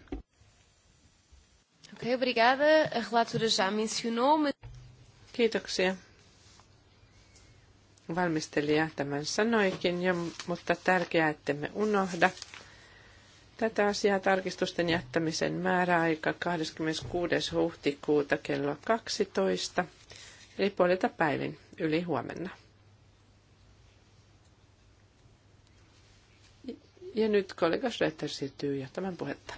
okay, obrigada. Kiitoksia. Valmistelija tämän sanoikin, jo, mutta tärkeää, ettemme unohda. Tätä asiaa tarkistusten jättämisen määräaika 26. huhtikuuta kello 12, eli puolilta päivin yli huomenna. Ja nyt kollega Schröter siirtyy johtamaan puhetta.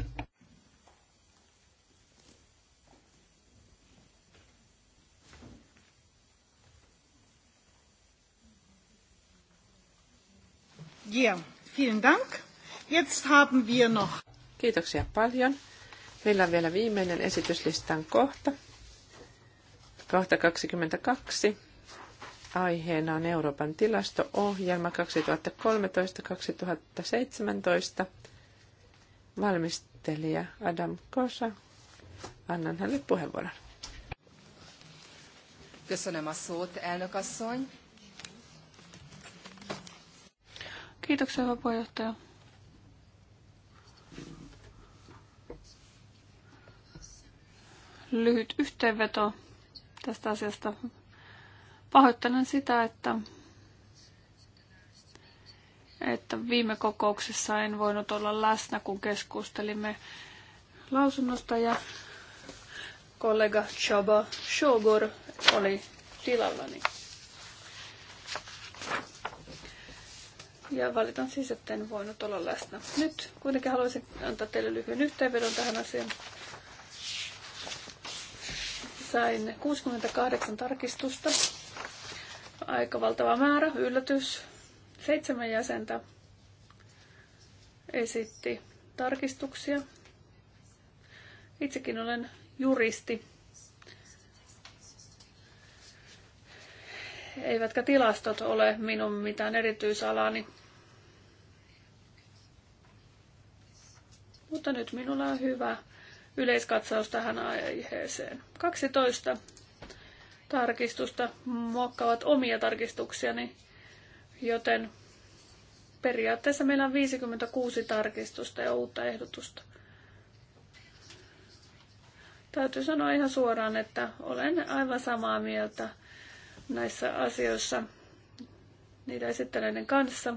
Yeah, vielen Dank. Jetzt haben wir noch... Kiitoksia paljon. Meillä on vielä viimeinen esityslistan kohta. Kohta 22. Aiheena on Euroopan tilasto-ohjelma 2013-2017. Valmistelija Adam Kosa. Annan hänelle puheenvuoron. Köszönöm a szót, elnök asszony. Kiitoksia, hyvä puheenjohtaja. Lyhyt yhteenveto tästä asiasta. Pahoittelen sitä, että, että viime kokouksessa en voinut olla läsnä, kun keskustelimme lausunnosta ja kollega Chaba Shogor oli tilallani. Ja valitan siis, että en voinut olla läsnä. Nyt kuitenkin haluaisin antaa teille lyhyen yhteenvedon tähän asiaan. Sain 68 tarkistusta. Aika valtava määrä, yllätys. Seitsemän jäsentä esitti tarkistuksia. Itsekin olen juristi. Eivätkä tilastot ole minun mitään erityisalaani. Mutta nyt minulla on hyvä yleiskatsaus tähän aiheeseen. 12 tarkistusta muokkaavat omia tarkistuksiani, joten periaatteessa meillä on 56 tarkistusta ja uutta ehdotusta. Täytyy sanoa ihan suoraan, että olen aivan samaa mieltä näissä asioissa niitä esittelyiden kanssa,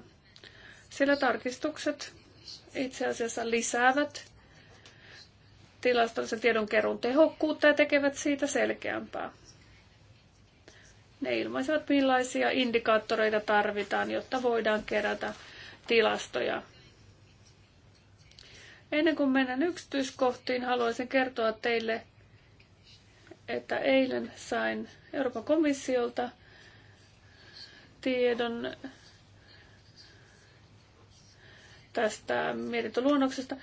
sillä tarkistukset itse asiassa lisäävät tilastollisen tiedonkeruun tehokkuutta ja tekevät siitä selkeämpää. Ne ilmaisevat, millaisia indikaattoreita tarvitaan, jotta voidaan kerätä tilastoja. Ennen kuin mennään yksityiskohtiin, haluaisin kertoa teille, että eilen sain Euroopan komissiolta tiedon tästä mietintöluonnoksesta.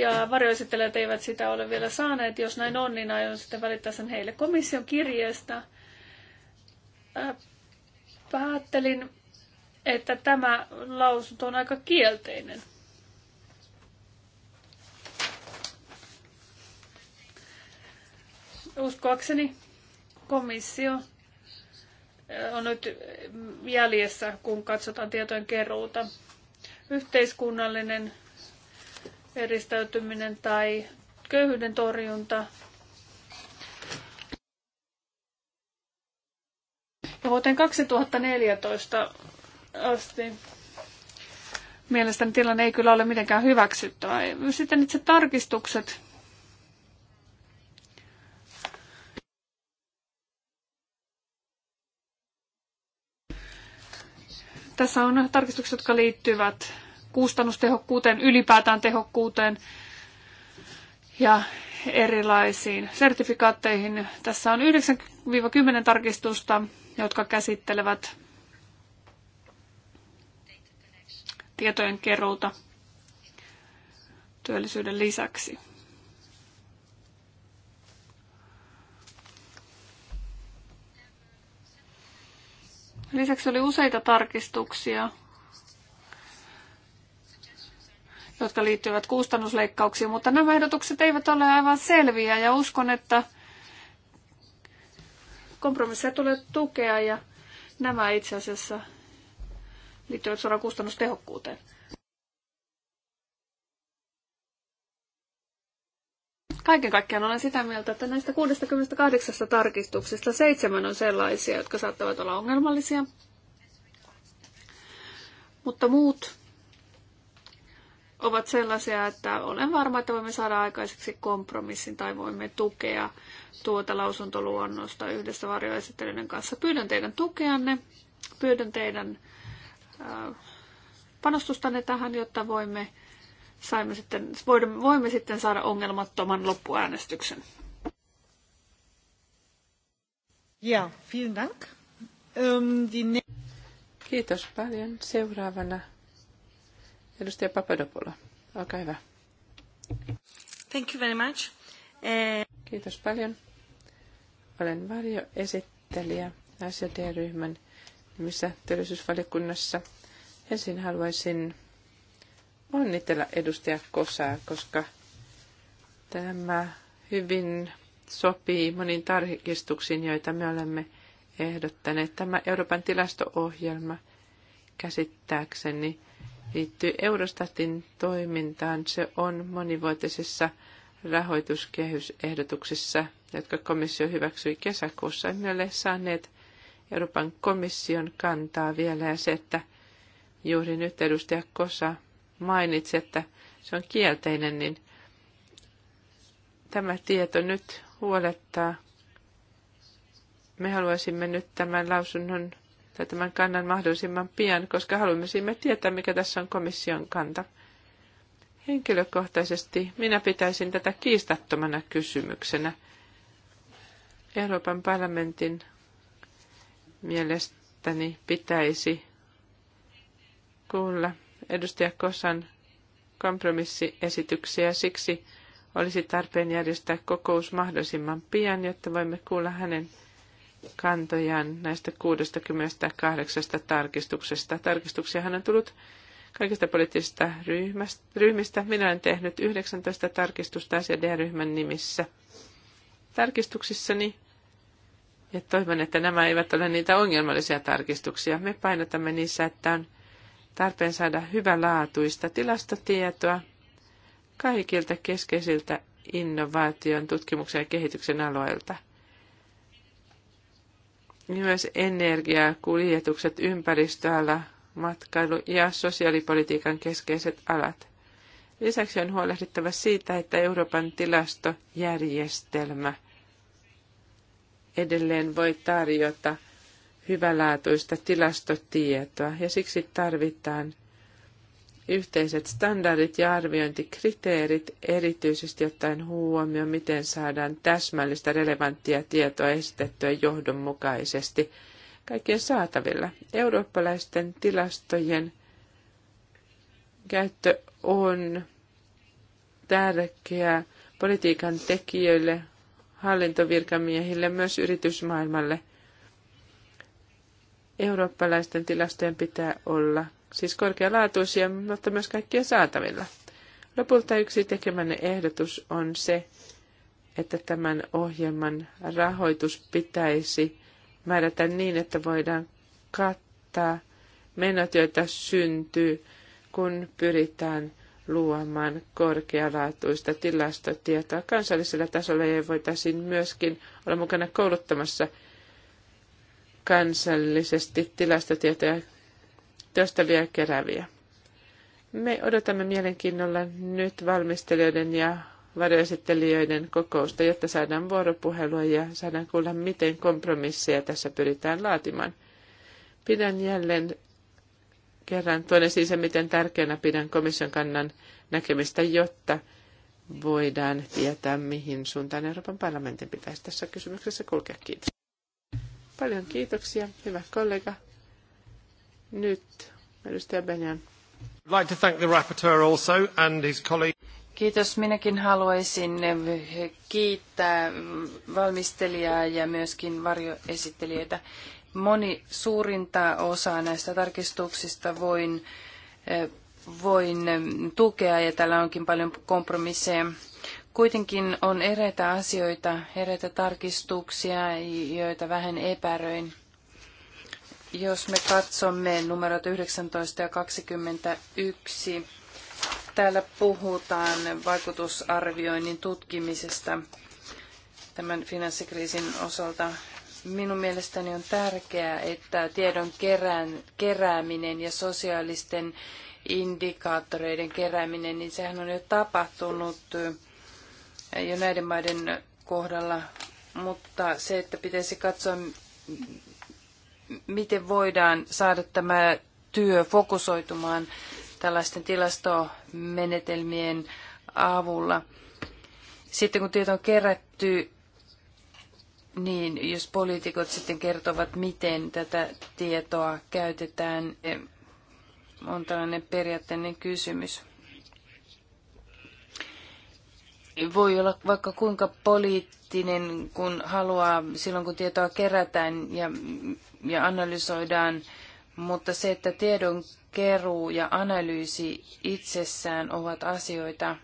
Ja varjoesittelijät eivät sitä ole vielä saaneet. Jos näin on, niin aion sitten välittää sen heille komission kirjeestä. Äh, päättelin, että tämä lausunto on aika kielteinen. Uskoakseni komissio äh, on nyt jäljessä, kun katsotaan tietojen keruuta yhteiskunnallinen eristäytyminen tai köyhyyden torjunta. Ja vuoteen 2014 asti mielestäni tilanne ei kyllä ole mitenkään hyväksyttävä. Sitten itse tarkistukset Tässä on tarkistukset, jotka liittyvät kustannustehokkuuteen, ylipäätään tehokkuuteen ja erilaisiin sertifikaatteihin. Tässä on 9-10 tarkistusta, jotka käsittelevät tietojen keruuta työllisyyden lisäksi. Lisäksi oli useita tarkistuksia, jotka liittyvät kustannusleikkauksiin, mutta nämä ehdotukset eivät ole aivan selviä ja uskon, että kompromisseja tulee tukea ja nämä itse asiassa liittyvät suoraan kustannustehokkuuteen. Kaiken kaikkiaan olen sitä mieltä, että näistä 68 tarkistuksista seitsemän on sellaisia, jotka saattavat olla ongelmallisia. Mutta muut ovat sellaisia, että olen varma, että voimme saada aikaiseksi kompromissin tai voimme tukea tuota lausuntoluonnosta yhdessä varjoesittelyiden kanssa. Pyydän teidän tukeanne, pyydän teidän äh, panostustanne tähän, jotta voimme saimme sitten, voimme sitten saada ongelmattoman loppuäänestyksen. Ja, vielen dank. Ähm, Kiitos paljon. Seuraavana edustaja Papadopoulos. Olkaa hyvä. Thank you very much. Eh, Kiitos paljon. Olen varjoesittelijä SJD-ryhmän nimissä työllisyysvaliokunnassa. Ensin haluaisin onnitella edustaja Kosaa, koska tämä hyvin sopii moniin tarkistuksiin, joita me olemme ehdottaneet. Tämä Euroopan tilastoohjelma käsittääkseni liittyy Eurostatin toimintaan. Se on monivuotisessa rahoituskehysehdotuksissa, jotka komissio hyväksyi kesäkuussa. Emme ole saaneet Euroopan komission kantaa vielä ja se, että juuri nyt edustaja Kosa mainitsi, että se on kielteinen, niin tämä tieto nyt huolettaa. Me haluaisimme nyt tämän lausunnon tai tämän kannan mahdollisimman pian, koska haluaisimme tietää, mikä tässä on komission kanta. Henkilökohtaisesti minä pitäisin tätä kiistattomana kysymyksenä. Euroopan parlamentin mielestäni pitäisi kuulla edustaja Kosan kompromissiesityksiä. Siksi olisi tarpeen järjestää kokous mahdollisimman pian, jotta voimme kuulla hänen kantojaan näistä 68 tarkistuksesta. hän on tullut kaikista poliittisista ryhmistä. Minä olen tehnyt 19 tarkistusta SED-ryhmän nimissä tarkistuksissani. Ja toivon, että nämä eivät ole niitä ongelmallisia tarkistuksia. Me painotamme niissä, että on tarpeen saada hyvälaatuista tilastotietoa kaikilta keskeisiltä innovaation, tutkimuksen ja kehityksen aloilta. Myös energia, kuljetukset, ympäristöala, matkailu ja sosiaalipolitiikan keskeiset alat. Lisäksi on huolehdittava siitä, että Euroopan tilastojärjestelmä edelleen voi tarjota – hyvälaatuista tilastotietoa ja siksi tarvitaan yhteiset standardit ja arviointikriteerit, erityisesti ottaen huomioon, miten saadaan täsmällistä relevanttia tietoa esitettyä johdonmukaisesti kaikkien saatavilla. Eurooppalaisten tilastojen käyttö on tärkeää politiikan tekijöille, hallintovirkamiehille, myös yritysmaailmalle eurooppalaisten tilastojen pitää olla siis korkealaatuisia, mutta myös kaikkien saatavilla. Lopulta yksi tekemänne ehdotus on se, että tämän ohjelman rahoitus pitäisi määrätä niin, että voidaan kattaa menot, joita syntyy, kun pyritään luomaan korkealaatuista tilastotietoa kansallisella tasolla ja voitaisiin myöskin olla mukana kouluttamassa – kansallisesti tilastotietoja työstäviä vielä keräviä. Me odotamme mielenkiinnolla nyt valmistelijoiden ja varjoesittelijöiden kokousta, jotta saadaan vuoropuhelua ja saadaan kuulla, miten kompromisseja tässä pyritään laatimaan. Pidän jälleen kerran tuonne siis, miten tärkeänä pidän komission kannan näkemistä, jotta voidaan tietää, mihin suuntaan Euroopan parlamentin pitäisi tässä kysymyksessä kulkea. Kiitos. Paljon kiitoksia, hyvä kollega. Nyt edustaja Benjan. Like to thank the rapporteur also and his colleague. Kiitos. Minäkin haluaisin kiittää valmistelijaa ja myöskin varjoesittelijöitä. Moni suurinta osaa näistä tarkistuksista voin, voin tukea ja täällä onkin paljon kompromisseja. Kuitenkin on eräitä asioita, eräitä tarkistuksia, joita vähän epäröin. Jos me katsomme numerot 19 ja 21, täällä puhutaan vaikutusarvioinnin tutkimisesta tämän finanssikriisin osalta. Minun mielestäni on tärkeää, että tiedon kerään, kerääminen ja sosiaalisten indikaattoreiden kerääminen, niin sehän on jo tapahtunut jo näiden maiden kohdalla, mutta se, että pitäisi katsoa, miten voidaan saada tämä työ fokusoitumaan tällaisten tilastomenetelmien avulla. Sitten kun tieto on kerätty, niin jos poliitikot sitten kertovat, miten tätä tietoa käytetään, niin on tällainen periaatteinen kysymys voi olla vaikka kuinka poliittinen, kun haluaa silloin, kun tietoa kerätään ja, ja analysoidaan, mutta se, että tiedon keruu ja analyysi itsessään ovat asioita,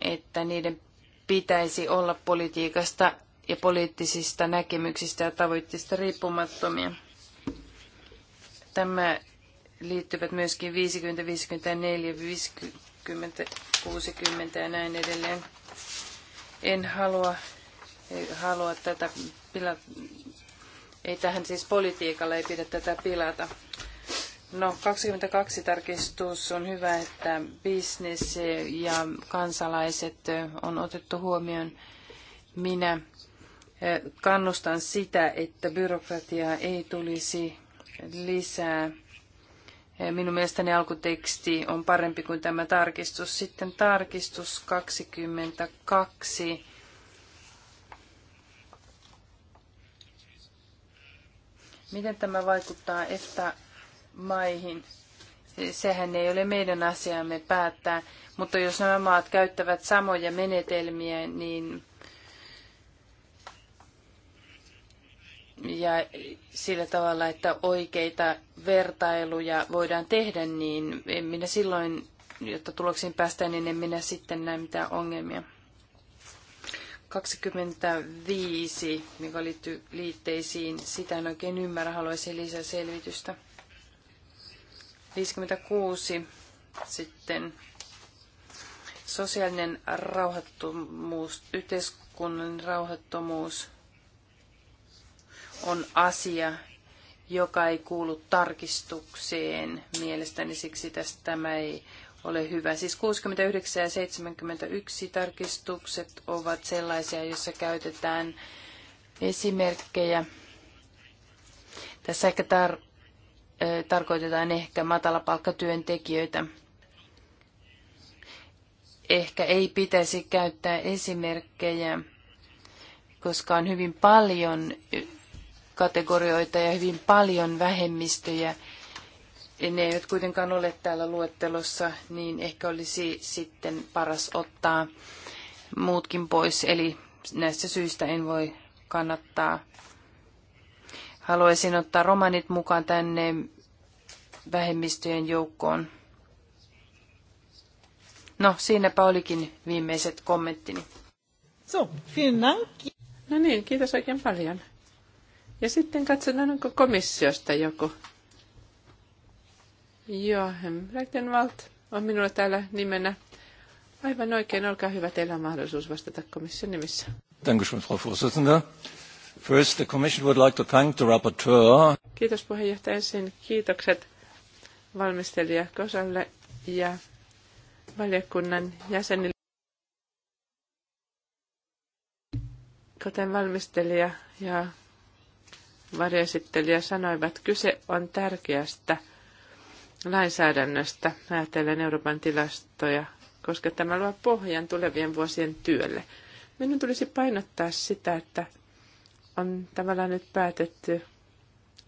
että niiden pitäisi olla politiikasta ja poliittisista näkemyksistä ja tavoitteista riippumattomia. Tämä liittyvät myöskin 50, 54, 50, 50, 60 ja näin edelleen. En halua, halua tätä pilata. Ei tähän siis politiikalla ei pidä tätä pilata. No, 22 tarkistus on hyvä, että bisnes ja kansalaiset on otettu huomioon. Minä eh, kannustan sitä, että byrokratiaa ei tulisi lisää Eh, minun mielestäni alkuteksti on parempi kuin tämä tarkistus. Sitten tarkistus 22. Miten tämä vaikuttaa EFTA-maihin? Eh, sehän ei ole meidän asiamme päättää, mutta jos nämä maat käyttävät samoja menetelmiä, niin ja sillä tavalla, että oikeita vertailuja voidaan tehdä, niin en minä silloin, jotta tuloksiin päästään, niin en minä sitten näe mitään ongelmia. 25, mikä liittyy liitteisiin, sitä en oikein ymmärrä, haluaisin lisää selvitystä. 56 sitten sosiaalinen rauhattomuus, yhteiskunnan rauhattomuus – on asia, joka ei kuulu tarkistukseen mielestäni, siksi tästä tämä ei ole hyvä. Siis 69 ja 71 tarkistukset ovat sellaisia, joissa käytetään esimerkkejä. Tässä ehkä tar- tarkoitetaan ehkä matalapalkkatyöntekijöitä. Ehkä ei pitäisi käyttää esimerkkejä, koska on hyvin paljon kategorioita ja hyvin paljon vähemmistöjä. Ne eivät kuitenkaan ole täällä luettelossa, niin ehkä olisi sitten paras ottaa muutkin pois. Eli näistä syistä en voi kannattaa. Haluaisin ottaa romanit mukaan tänne vähemmistöjen joukkoon. No, siinäpä olikin viimeiset kommenttini. So, vielen Dank. No niin, kiitos oikein paljon. Ja sitten katsotaan, onko komissiosta joku. Johan Rechtenwald on minulla täällä nimenä. Aivan oikein, olkaa hyvä, teillä on mahdollisuus vastata komission nimissä. Dankeschön, Frau Vorsitzende. First, the Commission would like to thank the rapporteur. Kiitos puheenjohtaja ensin. Kiitokset valmistelija Kosalle ja valiokunnan jäsenille. Kuten valmistelija ja varjoesittelijä sanoivat, kyse on tärkeästä lainsäädännöstä ajatellen Euroopan tilastoja, koska tämä luo pohjan tulevien vuosien työlle. Minun tulisi painottaa sitä, että on tavallaan nyt päätetty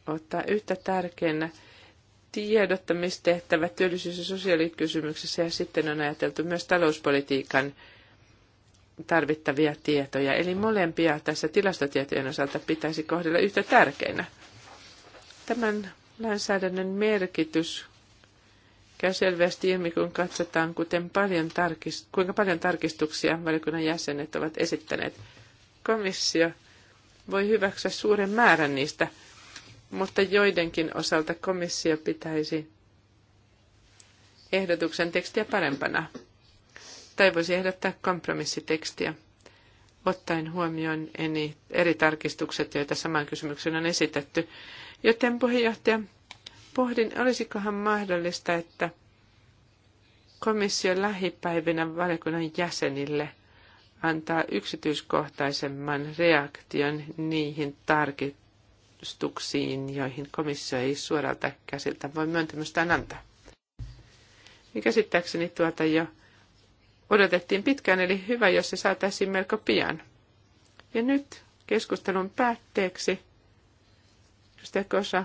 ottaa yhtä tärkeänä tiedottamistehtävä työllisyys- ja sosiaalikysymyksissä ja sitten on ajateltu myös talouspolitiikan tarvittavia tietoja. Eli molempia tässä tilastotietojen osalta pitäisi kohdella yhtä tärkeinä. Tämän lainsäädännön merkitys käy selvästi ilmi, kun katsotaan, kuten paljon tarkist- kuinka paljon tarkistuksia valiokunnan jäsenet ovat esittäneet. Komissio voi hyväksyä suuren määrän niistä, mutta joidenkin osalta komissio pitäisi ehdotuksen tekstiä parempana tai voisi ehdottaa kompromissitekstiä, ottaen huomioon eri tarkistukset, joita saman kysymyksen on esitetty. Joten puheenjohtaja, pohdin, olisikohan mahdollista, että komissio lähipäivinä valiokunnan jäsenille antaa yksityiskohtaisemman reaktion niihin tarkistuksiin, joihin komissio ei suoralta käsiltä voi myöntämystään antaa. Ja käsittääkseni tuota jo odotettiin pitkään, eli hyvä, jos se saataisiin melko pian. Ja nyt keskustelun päätteeksi edustaja Kosa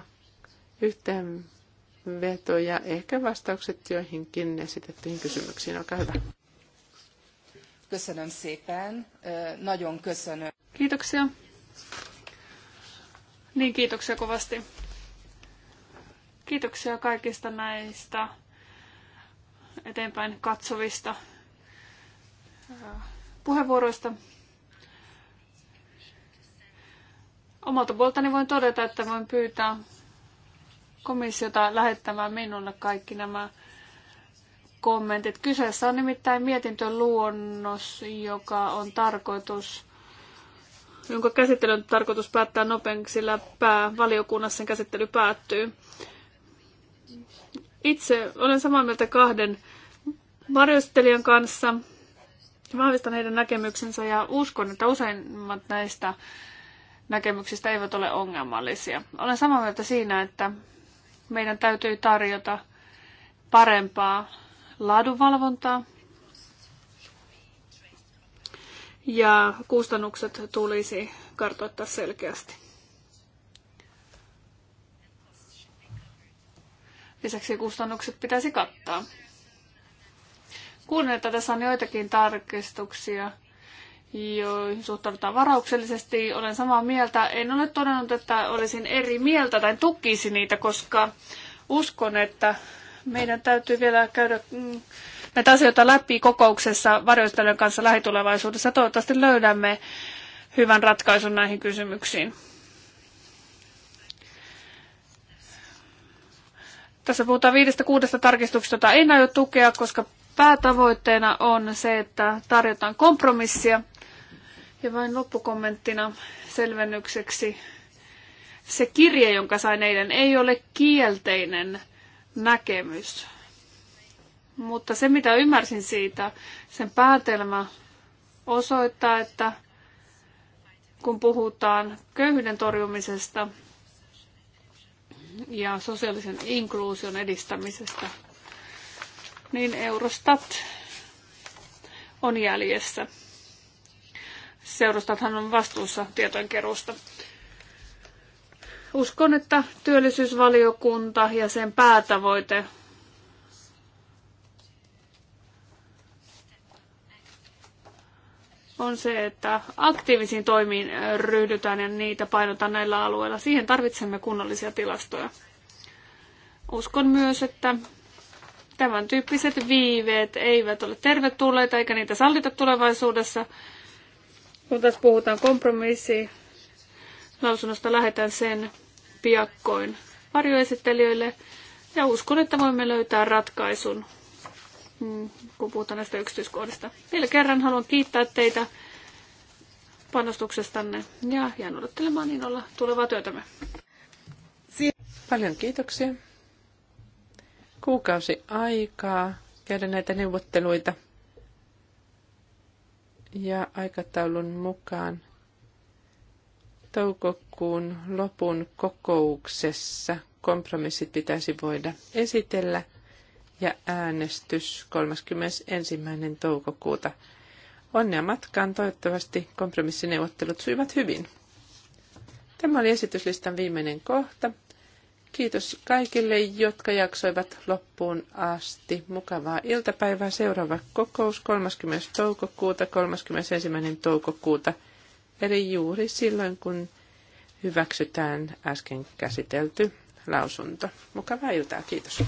yhteenveto ja ehkä vastaukset joihinkin esitettyihin kysymyksiin. Olkaa hyvä. Köszönöm szépen. Nagyon köszönöm. Kiitoksia. Niin, kiitoksia kovasti. Kiitoksia kaikista näistä eteenpäin katsovista puheenvuoroista. Omalta puoltani voin todeta, että voin pyytää komissiota lähettämään minulle kaikki nämä kommentit. Kyseessä on nimittäin mietintöluonnos, joka on tarkoitus, jonka käsittely on tarkoitus päättää nopeasti, sillä päävaliokunnassa sen käsittely päättyy. Itse olen samaa mieltä kahden varjostelijan kanssa Vahvistan heidän näkemyksensä ja uskon, että useimmat näistä näkemyksistä eivät ole ongelmallisia. Olen samaa mieltä siinä, että meidän täytyy tarjota parempaa laadunvalvontaa ja kustannukset tulisi kartoittaa selkeästi. Lisäksi kustannukset pitäisi kattaa kuunnella että tässä on joitakin tarkistuksia, joihin suhtaudutaan varauksellisesti. Olen samaa mieltä. En ole todennut, että olisin eri mieltä tai tukisi niitä, koska uskon, että meidän täytyy vielä käydä mm, näitä asioita läpi kokouksessa varjoistelujen kanssa lähitulevaisuudessa. Toivottavasti löydämme hyvän ratkaisun näihin kysymyksiin. Tässä puhutaan viidestä kuudesta tarkistuksesta, jota ei näy tukea, koska päätavoitteena on se, että tarjotaan kompromissia. Ja vain loppukommenttina selvennykseksi. Se kirje, jonka sain eilen, ei ole kielteinen näkemys. Mutta se, mitä ymmärsin siitä, sen päätelmä osoittaa, että kun puhutaan köyhyyden torjumisesta ja sosiaalisen inkluusion edistämisestä, niin Eurostat on jäljessä. Seurustathan on vastuussa tietojenkeruusta. Uskon, että työllisyysvaliokunta ja sen päätavoite on se, että aktiivisiin toimiin ryhdytään ja niitä painotaan näillä alueilla. Siihen tarvitsemme kunnollisia tilastoja. Uskon myös, että Tämän tyyppiset viiveet eivät ole tervetulleita eikä niitä sallita tulevaisuudessa. Kun taas puhutaan kompromissi, lausunnosta lähetän sen piakkoin varjoesittelijöille ja uskon, että voimme löytää ratkaisun, mm, kun puhutaan näistä yksityiskohdista. Vielä kerran haluan kiittää teitä panostuksestanne ja jään odottelemaan niin olla tulevaa työtämme. Paljon kiitoksia kuukausi aikaa käydä näitä neuvotteluita. Ja aikataulun mukaan toukokuun lopun kokouksessa kompromissit pitäisi voida esitellä ja äänestys 31. toukokuuta. Onnea matkaan, toivottavasti kompromissineuvottelut sujuvat hyvin. Tämä oli esityslistan viimeinen kohta. Kiitos kaikille, jotka jaksoivat loppuun asti. Mukavaa iltapäivää. Seuraava kokous 30. toukokuuta, 31. toukokuuta, eli juuri silloin, kun hyväksytään äsken käsitelty lausunto. Mukavaa iltaa, kiitos.